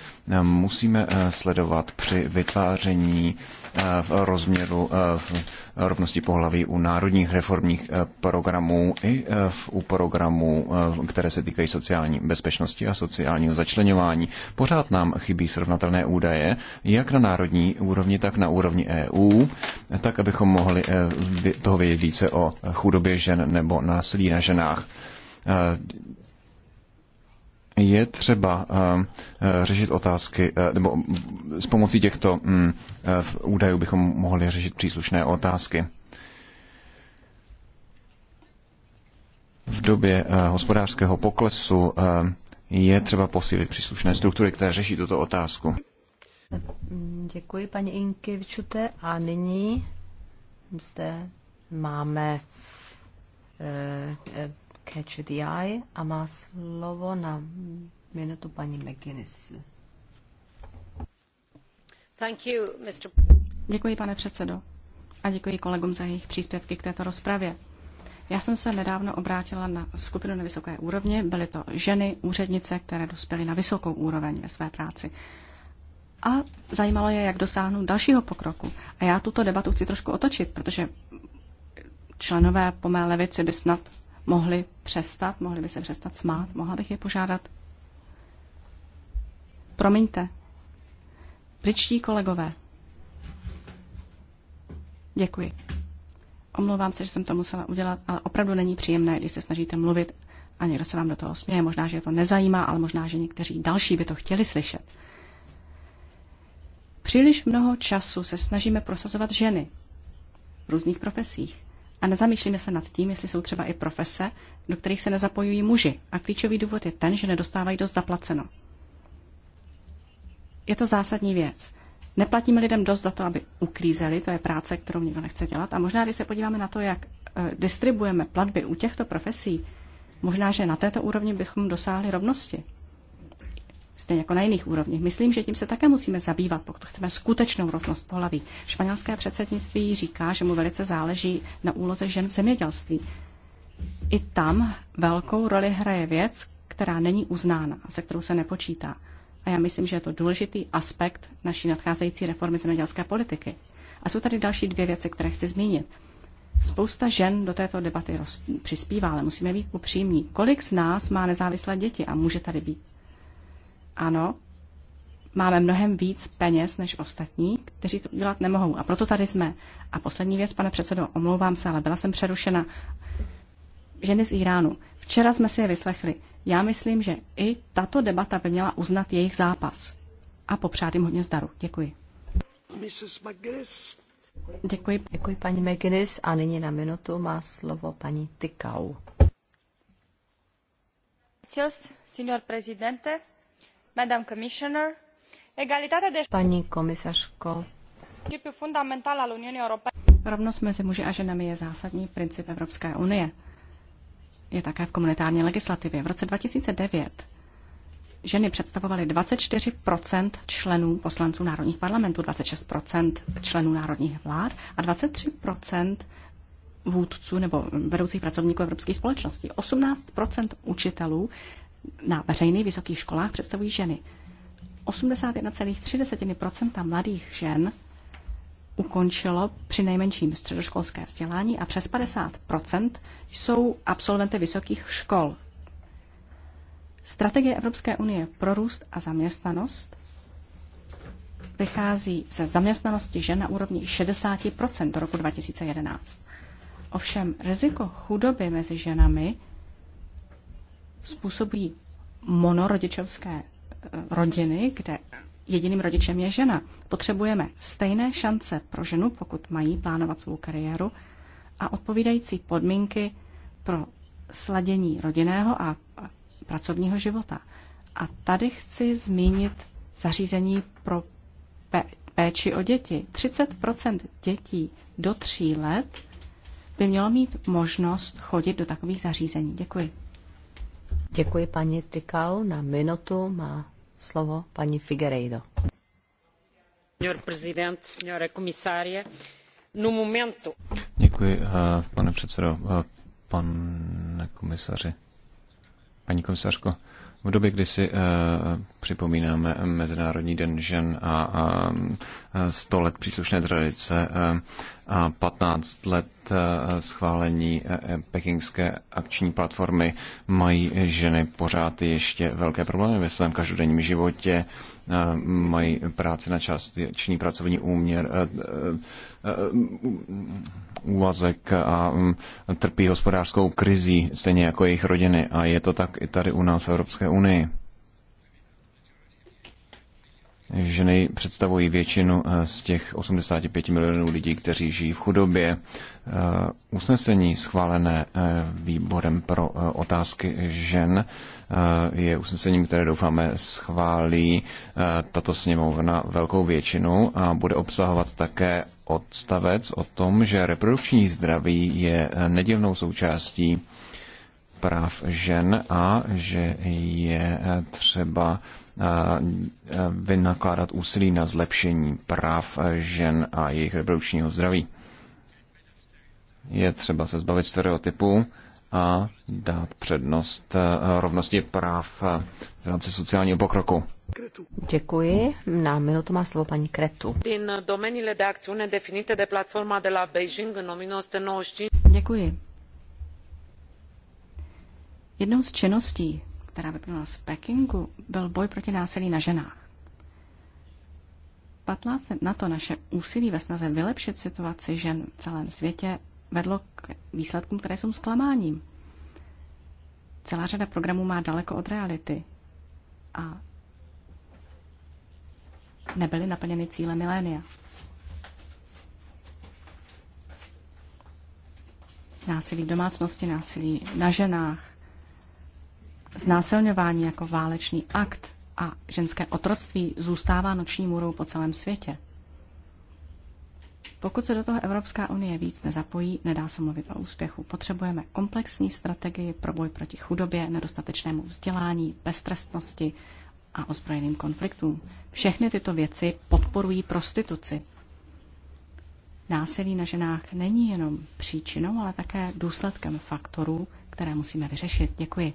musíme sledovat při vytváření Eh, v rozměru eh, v rovnosti pohlaví u národních reformních eh, programů i u programů, které se týkají sociální bezpečnosti a sociálního začlenování. Pořád nám chybí srovnatelné údaje, jak na národní úrovni, tak na úrovni EU, tak abychom mohli toho vědět více o chudobě žen nebo násilí na ženách je třeba eh, eh, řešit otázky, eh, nebo s pomocí těchto mm, údajů bychom mohli řešit příslušné otázky. V době hospodářského poklesu je třeba posílit příslušné struktury, které řeší tuto otázku. Děkuji, paní Vyčute. A nyní zde máme Catch the Eye a má slovo na minutu paní McGuinness. Thank you, Mr. Děkuji, pane předsedo. A děkuji kolegům za jejich příspěvky k této rozpravě. Já jsem se nedávno obrátila na skupinu na vysoké úrovni. Byly to ženy, úřednice, které dospěly na vysokou úroveň ve své práci. A zajímalo je, jak dosáhnout dalšího pokroku. A já tuto debatu chci trošku otočit, protože členové po mé levici by snad mohli přestat, mohli by se přestat smát. Mohla bych je požádat. Promiňte. Britští kolegové. Děkuji. Omlouvám se, že jsem to musela udělat, ale opravdu není příjemné, když se snažíte mluvit a někdo se vám do toho směje. Možná, že je to nezajímá, ale možná, že někteří další by to chtěli slyšet. Příliš mnoho času se snažíme prosazovat ženy v různých profesích a nezamýšlíme se nad tím, jestli jsou třeba i profese, do kterých se nezapojují muži. A klíčový důvod je ten, že nedostávají dost zaplaceno. Je to zásadní věc. Neplatíme lidem dost za to, aby uklízeli, to je práce, kterou nikdo nechce dělat. A možná, když se podíváme na to, jak e, distribuujeme platby u těchto profesí, možná, že na této úrovni bychom dosáhli rovnosti stejně jako na jiných úrovních. Myslím, že tím se také musíme zabývat, pokud chceme skutečnou rovnost pohlaví. Španělské předsednictví říká, že mu velice záleží na úloze žen v zemědělství. I tam velkou roli hraje věc, která není uznána, se kterou se nepočítá. A já myslím, že je to důležitý aspekt naší nadcházející reformy zemědělské politiky. A jsou tady další dvě věci, které chci zmínit. Spousta žen do této debaty roz... přispívá, ale musíme být upřímní. Kolik z nás má nezávislé děti a může tady být ano, máme mnohem víc peněz než ostatní, kteří to dělat nemohou. A proto tady jsme. A poslední věc, pane předsedo, omlouvám se, ale byla jsem přerušena. Ženy z Iránu. Včera jsme si je vyslechli. Já myslím, že i tato debata by měla uznat jejich zápas. A popřát jim hodně zdaru. Děkuji. Mrs. McGuinness. Děkuji. Děkuji paní McGinnis. a nyní na minutu má slovo paní Tykau. Signor Presidente, Paní komisařko, Rovnost mezi muži a ženami je zásadní princip Evropské unie. Je také v komunitární legislativě. V roce 2009 ženy představovaly 24 členů poslanců národních parlamentů, 26 členů národních vlád a 23 vůdců nebo vedoucích pracovníků evropských společností, 18 učitelů na veřejných vysokých školách představují ženy. 81,3 mladých žen ukončilo při nejmenším středoškolské vzdělání a přes 50 jsou absolventy vysokých škol. Strategie Evropské unie pro růst a zaměstnanost vychází ze zaměstnanosti žen na úrovni 60 do roku 2011. Ovšem riziko chudoby mezi ženami způsobují monorodičovské eh, rodiny, kde jediným rodičem je žena. Potřebujeme stejné šance pro ženu, pokud mají plánovat svou kariéru, a odpovídající podmínky pro sladění rodinného a pracovního života. A tady chci zmínit zařízení pro pe- péči o děti. 30 dětí do tří let by mělo mít možnost chodit do takových zařízení. Děkuji. Děkuji paní Tikau. Na minutu má slovo paní Figueiredo. No Děkuji, eh, pane předsedo, eh, pane komisaři, paní komisařko. V době, kdy si eh, připomínáme Mezinárodní den žen a, a 100 let příslušné tradice, a 15 let eh, schválení eh, eh, pekingské akční platformy mají ženy pořád ještě velké problémy ve svém každodenním životě, mají práci na částečný pracovní úměr, úvazek a mm, trpí hospodářskou krizí, stejně jako jejich rodiny. A je to tak i tady u nás v Evropské unii. Ženy představují většinu eh, z těch 85 milionů lidí, kteří žijí v chudobě. Eh, usnesení schválené eh, výborem pro otázky žen je usnesením, které doufáme schválí tato sněmovna velkou většinou a bude obsahovat také odstavec o tom, že reprodukční zdraví je nedílnou součástí práv žen a že je třeba vynakládat úsilí na zlepšení práv žen a jejich reprodukčního zdraví. Je třeba se zbavit stereotypů a dát přednost rovnosti práv v rámci sociálního pokroku. Děkuji. Na minutu má slovo paní Kretu. platforma Beijing Děkuji. Jednou z činností, která vyplynula z Pekingu, byl boj proti násilí na ženách. 15 let na to naše úsilí ve snaze vylepšit situaci žen v celém světě vedlo k výsledkům, které jsou zklamáním. Celá řada programů má daleko od reality a nebyly naplněny cíle milénia. Násilí v domácnosti, násilí na ženách, Znásilňování jako válečný akt a ženské otroctví zůstává noční můrou po celém světě. Pokud se do toho Evropská unie víc nezapojí, nedá se mluvit o úspěchu. Potřebujeme komplexní strategii pro boj proti chudobě, nedostatečnému vzdělání, beztrestnosti a ozbrojeným konfliktům. Všechny tyto věci podporují prostituci. Násilí na ženách není jenom příčinou, ale také důsledkem faktorů, které musíme vyřešit. Děkuji.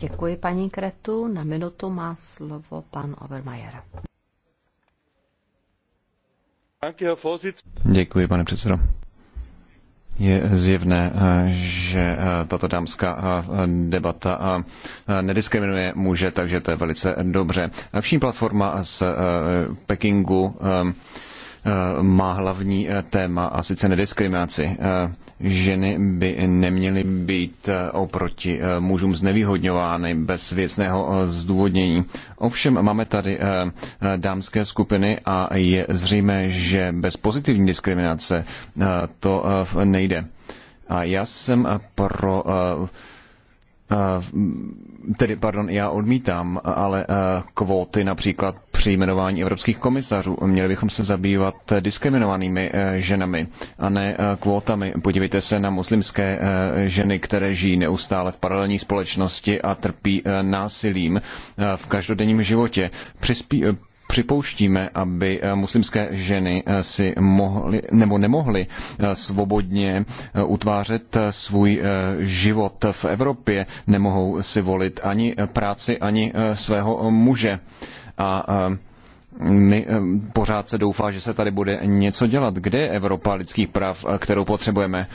Děkuji paní Kretu. Na minutu má slovo pan Overmajer. Děkuji, pane předsedo. Je zjevné, eh, že eh, tato dámská eh, debata nediskriminuje muže, takže to je velice dobře. Vším platforma z Pekingu Eh, má hlavní eh, téma a sice nediskriminaci. Eh, ženy by neměly být oproti mužům znevýhodňovány bez věcného zdůvodnění. Ovšem máme tady dámské skupiny a je zřejmé, že bez pozitivní diskriminace to nejde. A já jsem pro Eh, tedy, pardon, já odmítám, ale eh, kvóty například při jmenování evropských komisařů. Měli bychom se zabývat diskriminovanými eh, ženami a ne kvótami. Podívejte se na muslimské ženy, které žijí neustále v paralelní společnosti a trpí násilím v každodenním životě. Přispí, připouštíme, aby eh, muslimské ženy eh, si mohly nebo nemohly eh, svobodně utvářet svůj život v Evropě, nemohou si volit ani práci, ani svého muže. A my, pořád se doufá, že se tady bude něco dělat. Kde je Evropa lidských práv, kterou potřebujeme?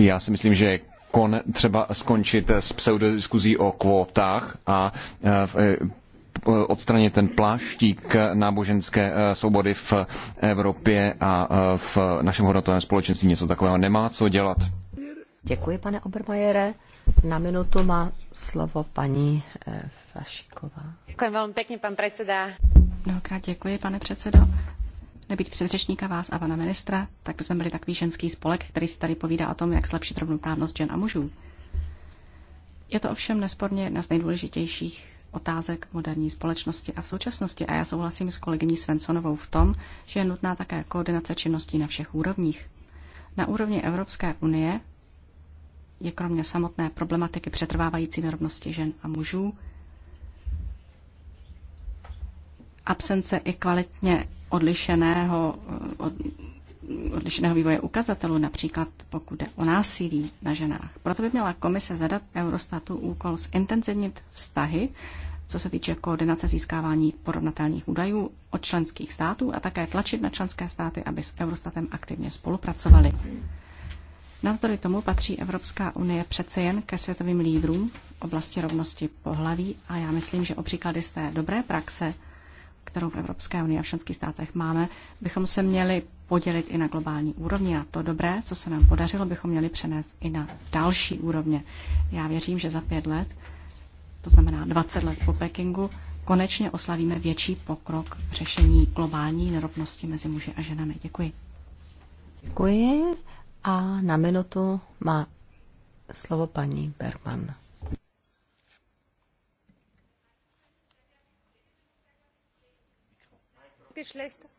Já si myslím, že kon, třeba skončit s pseudodiskuzí o kvótách a Eh, odstranit ten pláštík náboženské eh, svobody v Evropě a eh, v našem hodnotovém společenství něco takového nemá co dělat. Děkuji, pane Obermajere. Na minutu má slovo paní Fašiková. Děkuji velmi pěkně, pan předseda. Mnohokrát děkuji, pane předsedo. Nebýt předřečníka vás a pana ministra, tak jsme byli takový ženský spolek, který si tady povídá o tom, jak zlepšit rovnoprávnost žen a mužů. Je to ovšem nesporně jedna z nejdůležitějších otázek moderní společnosti a v současnosti. A já souhlasím s kolegyní Svensonovou v tom, že je nutná také koordinace činností na všech úrovních. Na úrovni Evropské unie je kromě samotné problematiky přetrvávající nerovnosti žen a mužů absence i kvalitně odlišeného eh, odlišného vývoje ukazatelů, například pokud jde o násilí na ženách. Proto by měla komise zadat Eurostatu úkol zintenzivnit vztahy, co se týče koordinace získávání porovnatelných údajů od členských států a také tlačit na členské státy, aby s Eurostatem aktivně spolupracovali. Navzdory tomu patří Evropská unie přece jen ke světovým lídrům v oblasti rovnosti pohlaví a já myslím, že o příklady z té dobré praxe, kterou v Evropské unii a v členských státech máme, bychom se měli podělit i na globální úrovni. A to dobré, co se nám podařilo, bychom měli přenést i na další úrovně. Já věřím, že za pět let, to znamená 20 let po Pekingu, konečně oslavíme větší pokrok v řešení globální nerovnosti mezi muži a ženami. Děkuji. Děkuji a na minutu má slovo paní Bergman. Geschlechter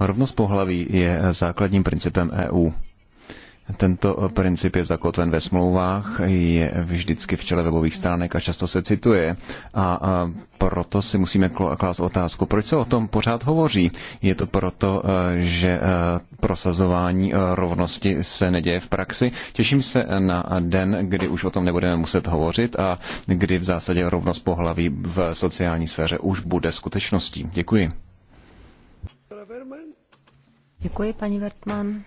Rovnost pohlaví je základním principem EU. Tento princip je zakotven ve smlouvách, je vždycky v čele webových stránek a často se cituje. A, proto si musíme klást otázku, proč se o tom pořád hovoří. Je to proto, e, že e, prosazování e, rovnosti se neděje v praxi. Těším se na den, kdy už o tom nebudeme muset hovořit a kdy v zásadě rovnost pohlaví v sociální sféře už bude skutečností. Děkuji. Děkuji, paní Vertman.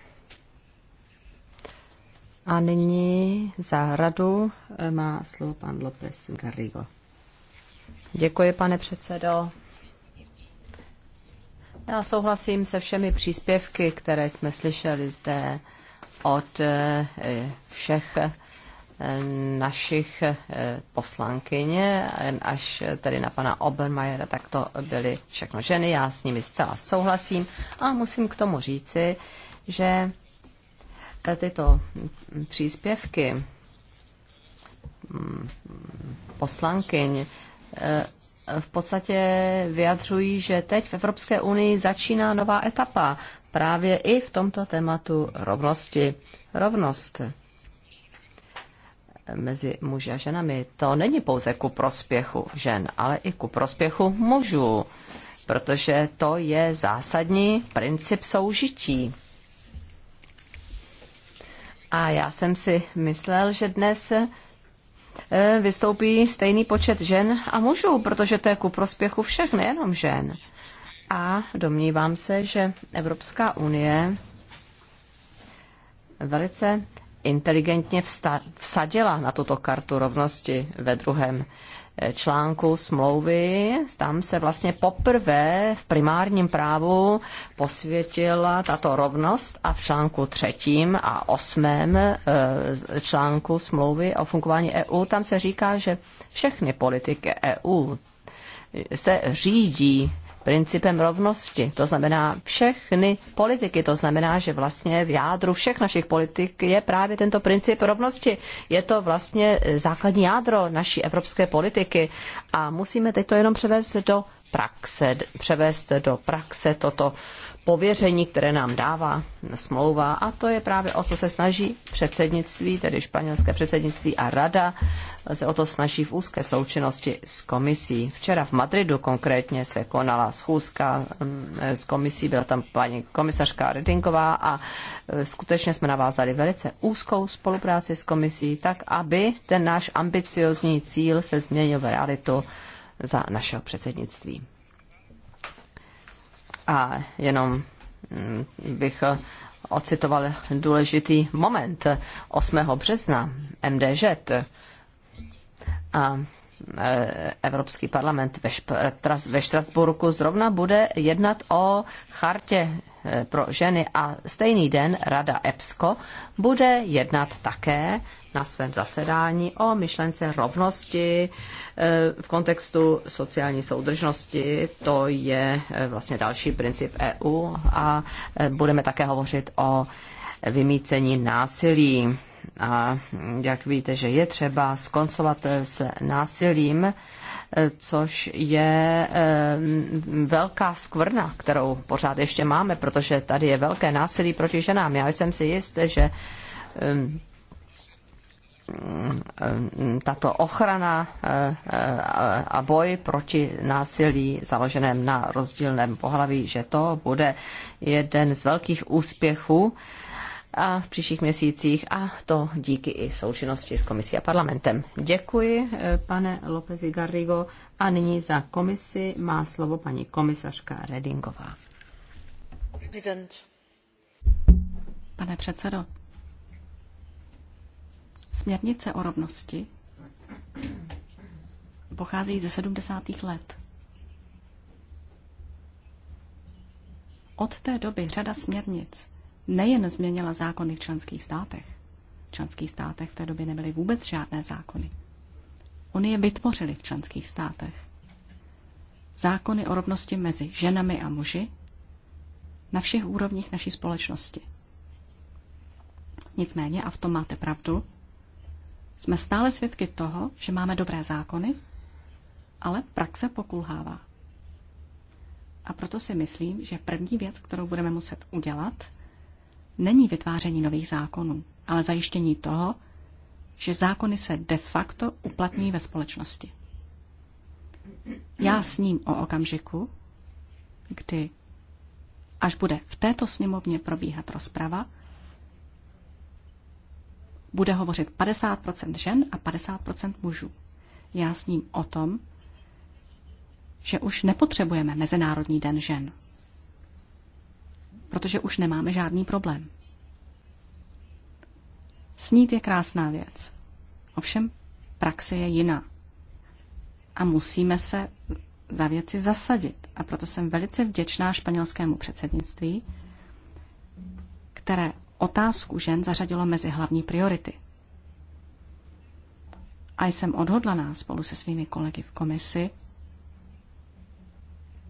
A nyní za radu eh, má slovo pan López Garrigo. Děkuji, pane předsedo. Já souhlasím se všemi příspěvky, které jsme slyšeli zde od eh, eh, všech našich eh, poslankyně, až tedy na pana Obermajera, tak to byly všechno ženy, já s nimi zcela souhlasím a musím k tomu říci, že eh, tyto příspěvky mm, poslankyň eh, v podstatě vyjadřují, že teď v Evropské unii začíná nová etapa právě i v tomto tématu rovnosti. Rovnost mezi muži a ženami, to není pouze ku prospěchu žen, ale i ku prospěchu mužů, protože to je zásadní princip soužití. A já jsem si myslel, že dnes eh, vystoupí stejný počet žen a mužů, protože to je ku prospěchu všech, nejenom žen. A domnívám se, že Evropská unie velice inteligentně vsadila na tuto kartu rovnosti ve druhém eh, článku smlouvy. Tam se vlastně poprvé v primárním právu posvětila tato rovnost a v článku třetím a osmém eh, článku smlouvy o fungování EU tam se říká, že všechny politiky EU se řídí principem rovnosti. To znamená všechny politiky. To znamená, že vlastně v jádru všech našich politik je právě tento princip rovnosti. Je to vlastně základní jádro naší evropské politiky. A musíme teď to jenom převést do praxe, převést do praxe toto pověření, které nám dává smlouva. A to je právě o co se snaží předsednictví, tedy španělské předsednictví a rada se o to snaží v úzké součinnosti s komisí. Včera v Madridu konkrétně se konala schůzka mm, s komisí, byla tam paní komisařka Redinková a e, skutečně jsme navázali velice úzkou spolupráci s komisí, tak aby ten náš ambiciozní cíl se změnil v realitu za našeho předsednictví. A jenom mm, bych eh, ocitoval důležitý moment 8. března MDŽ a eh, Evropský parlament ve Štrasburku zrovna bude jednat o chartě pro ženy a stejný den Rada EPSCO bude jednat také na svém zasedání o myšlence rovnosti eh, v kontextu sociální soudržnosti. To je eh, vlastně další princip EU a eh, budeme také hovořit o vymícení násilí. A hm, jak víte, že je třeba skoncovat s násilím, Eh, což je eh, velká skvrna, kterou pořád ještě máme, protože tady je velké násilí proti ženám. Já jsem si jist, že eh, tato ochrana a boj proti násilí založeném na rozdílném pohlaví, že to bude jeden z velkých úspěchů a v příštích měsících a to díky i součinnosti s komisí a parlamentem. Děkuji, eh, pane Lopezi Garrigo. A nyní za komisi má slovo paní komisařka Redingová. Pane předsedo, směrnice o rovnosti pochází ze 70. let. Od té doby řada směrnic nejen změnila zákony v členských státech, v členských státech v té době nebyly vůbec žádné zákony. Oni je vytvořili v členských státech. Zákony o rovnosti mezi ženami a muži na všech úrovních naší společnosti. Nicméně, a v tom máte pravdu, jsme stále svědky toho, že máme dobré zákony, ale praxe pokulhává. A proto si myslím, že první věc, kterou budeme muset udělat, není vytváření nových zákonů, ale zajištění toho, že zákony se de facto uplatní ve společnosti. Já sním o okamžiku, kdy, až bude v této sněmovně probíhat rozprava, bude hovořit 50 žen a 50 mužů. Já sním o tom, že už nepotřebujeme Mezinárodní den žen protože už nemáme žádný problém. Snít je krásná věc. Ovšem praxe je jiná. A musíme se za věci zasadit. A proto jsem velice vděčná španělskému předsednictví, které otázku žen zařadilo mezi hlavní priority. A jsem odhodlaná spolu se svými kolegy v komisi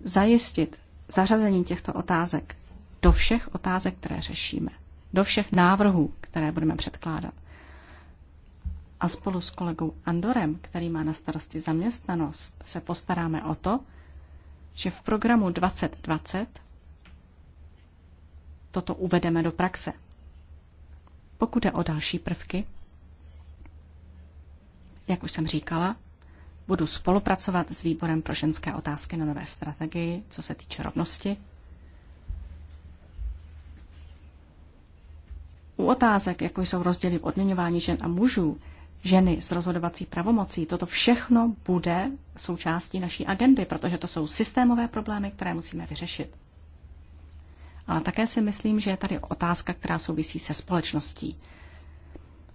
zajistit zařazení těchto otázek do všech otázek, které řešíme, do všech návrhů, které budeme předkládat. A spolu s kolegou Andorem, který má na starosti zaměstnanost, se postaráme o to, že v programu 2020 toto uvedeme do praxe. Pokud je o další prvky, jak už jsem říkala, budu spolupracovat s Výborem pro ženské otázky na nové strategii, co se týče rovnosti U otázek, jako jsou rozdíly v odměňování žen a mužů, ženy s rozhodovací pravomocí, toto všechno bude součástí naší agendy, protože to jsou systémové problémy, které musíme vyřešit. Ale také si myslím, že je tady otázka, která souvisí se společností.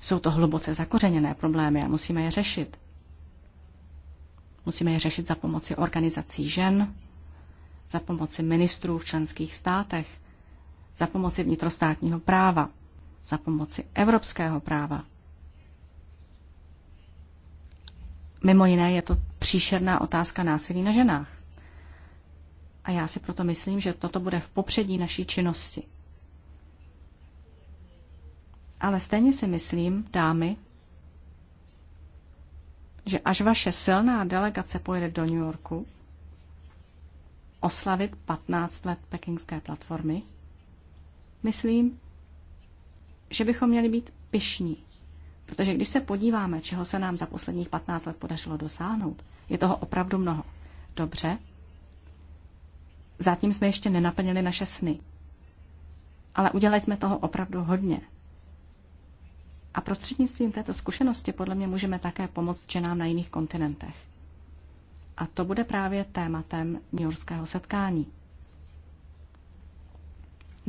Jsou to hluboce zakořeněné problémy a musíme je řešit. Musíme je řešit za pomoci organizací žen, za pomoci ministrů v členských státech, za pomoci vnitrostátního práva za pomoci evropského práva. Mimo jiné je to příšerná otázka násilí na ženách. A já si proto myslím, že toto bude v popředí naší činnosti. Ale stejně si myslím, dámy, že až vaše silná delegace pojede do New Yorku oslavit 15 let pekingské platformy, myslím, že bychom měli být pyšní. Protože když se podíváme, čeho se nám za posledních 15 let podařilo dosáhnout, je toho opravdu mnoho. Dobře, zatím jsme ještě nenaplnili naše sny. Ale udělali jsme toho opravdu hodně. A prostřednictvím této zkušenosti podle mě můžeme také pomoct ženám na jiných kontinentech. A to bude právě tématem New Yorkského setkání.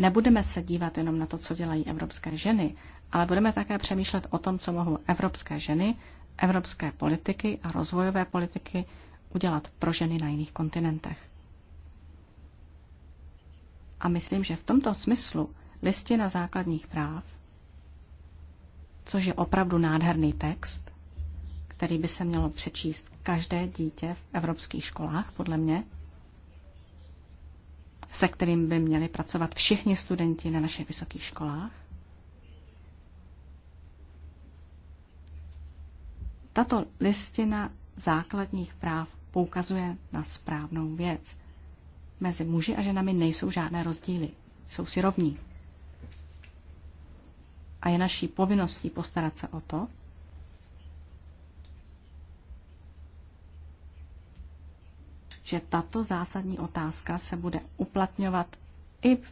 Nebudeme se dívat jenom na to, co dělají evropské ženy, ale budeme také přemýšlet o tom, co mohou evropské ženy, evropské politiky a rozvojové politiky udělat pro ženy na jiných kontinentech. A myslím, že v tomto smyslu listina základních práv, což je opravdu nádherný text, který by se mělo přečíst každé dítě v evropských školách, podle mě, se kterým by měli pracovat všichni studenti na našich vysokých školách. Tato listina základních práv poukazuje na správnou věc. Mezi muži a ženami nejsou žádné rozdíly, jsou si rovní. A je naší povinností postarat se o to, že tato zásadní otázka se bude uplatňovat i v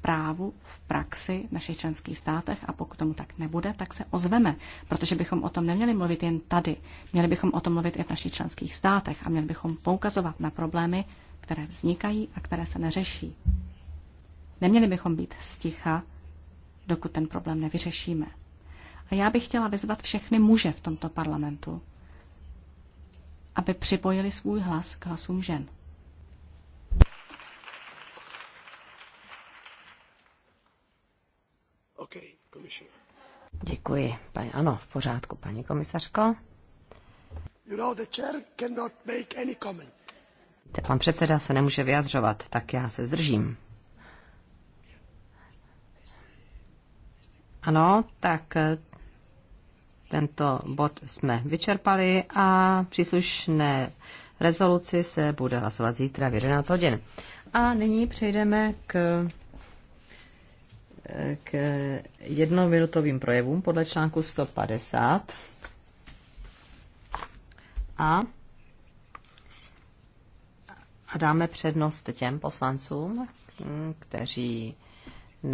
právu, v praxi v našich členských státech a pokud tomu tak nebude, tak se ozveme, protože bychom o tom neměli mluvit jen tady. Měli bychom o tom mluvit i v našich členských státech a měli bychom poukazovat na problémy, které vznikají a které se neřeší. Neměli bychom být sticha, dokud ten problém nevyřešíme. A já bych chtěla vyzvat všechny muže v tomto parlamentu, aby připojili svůj hlas k hlasům žen. Děkuji. Pani, ano, v pořádku, paní komisařko. You know, the chair cannot make any comment. Te, pan předseda se nemůže vyjadřovat, tak já se zdržím. Ano, tak tento bod jsme vyčerpali a příslušné rezoluci se bude hlasovat zítra v 11 hodin. A nyní přejdeme k, k jednominutovým projevům podle článku 150. A, a dáme přednost těm poslancům, kteří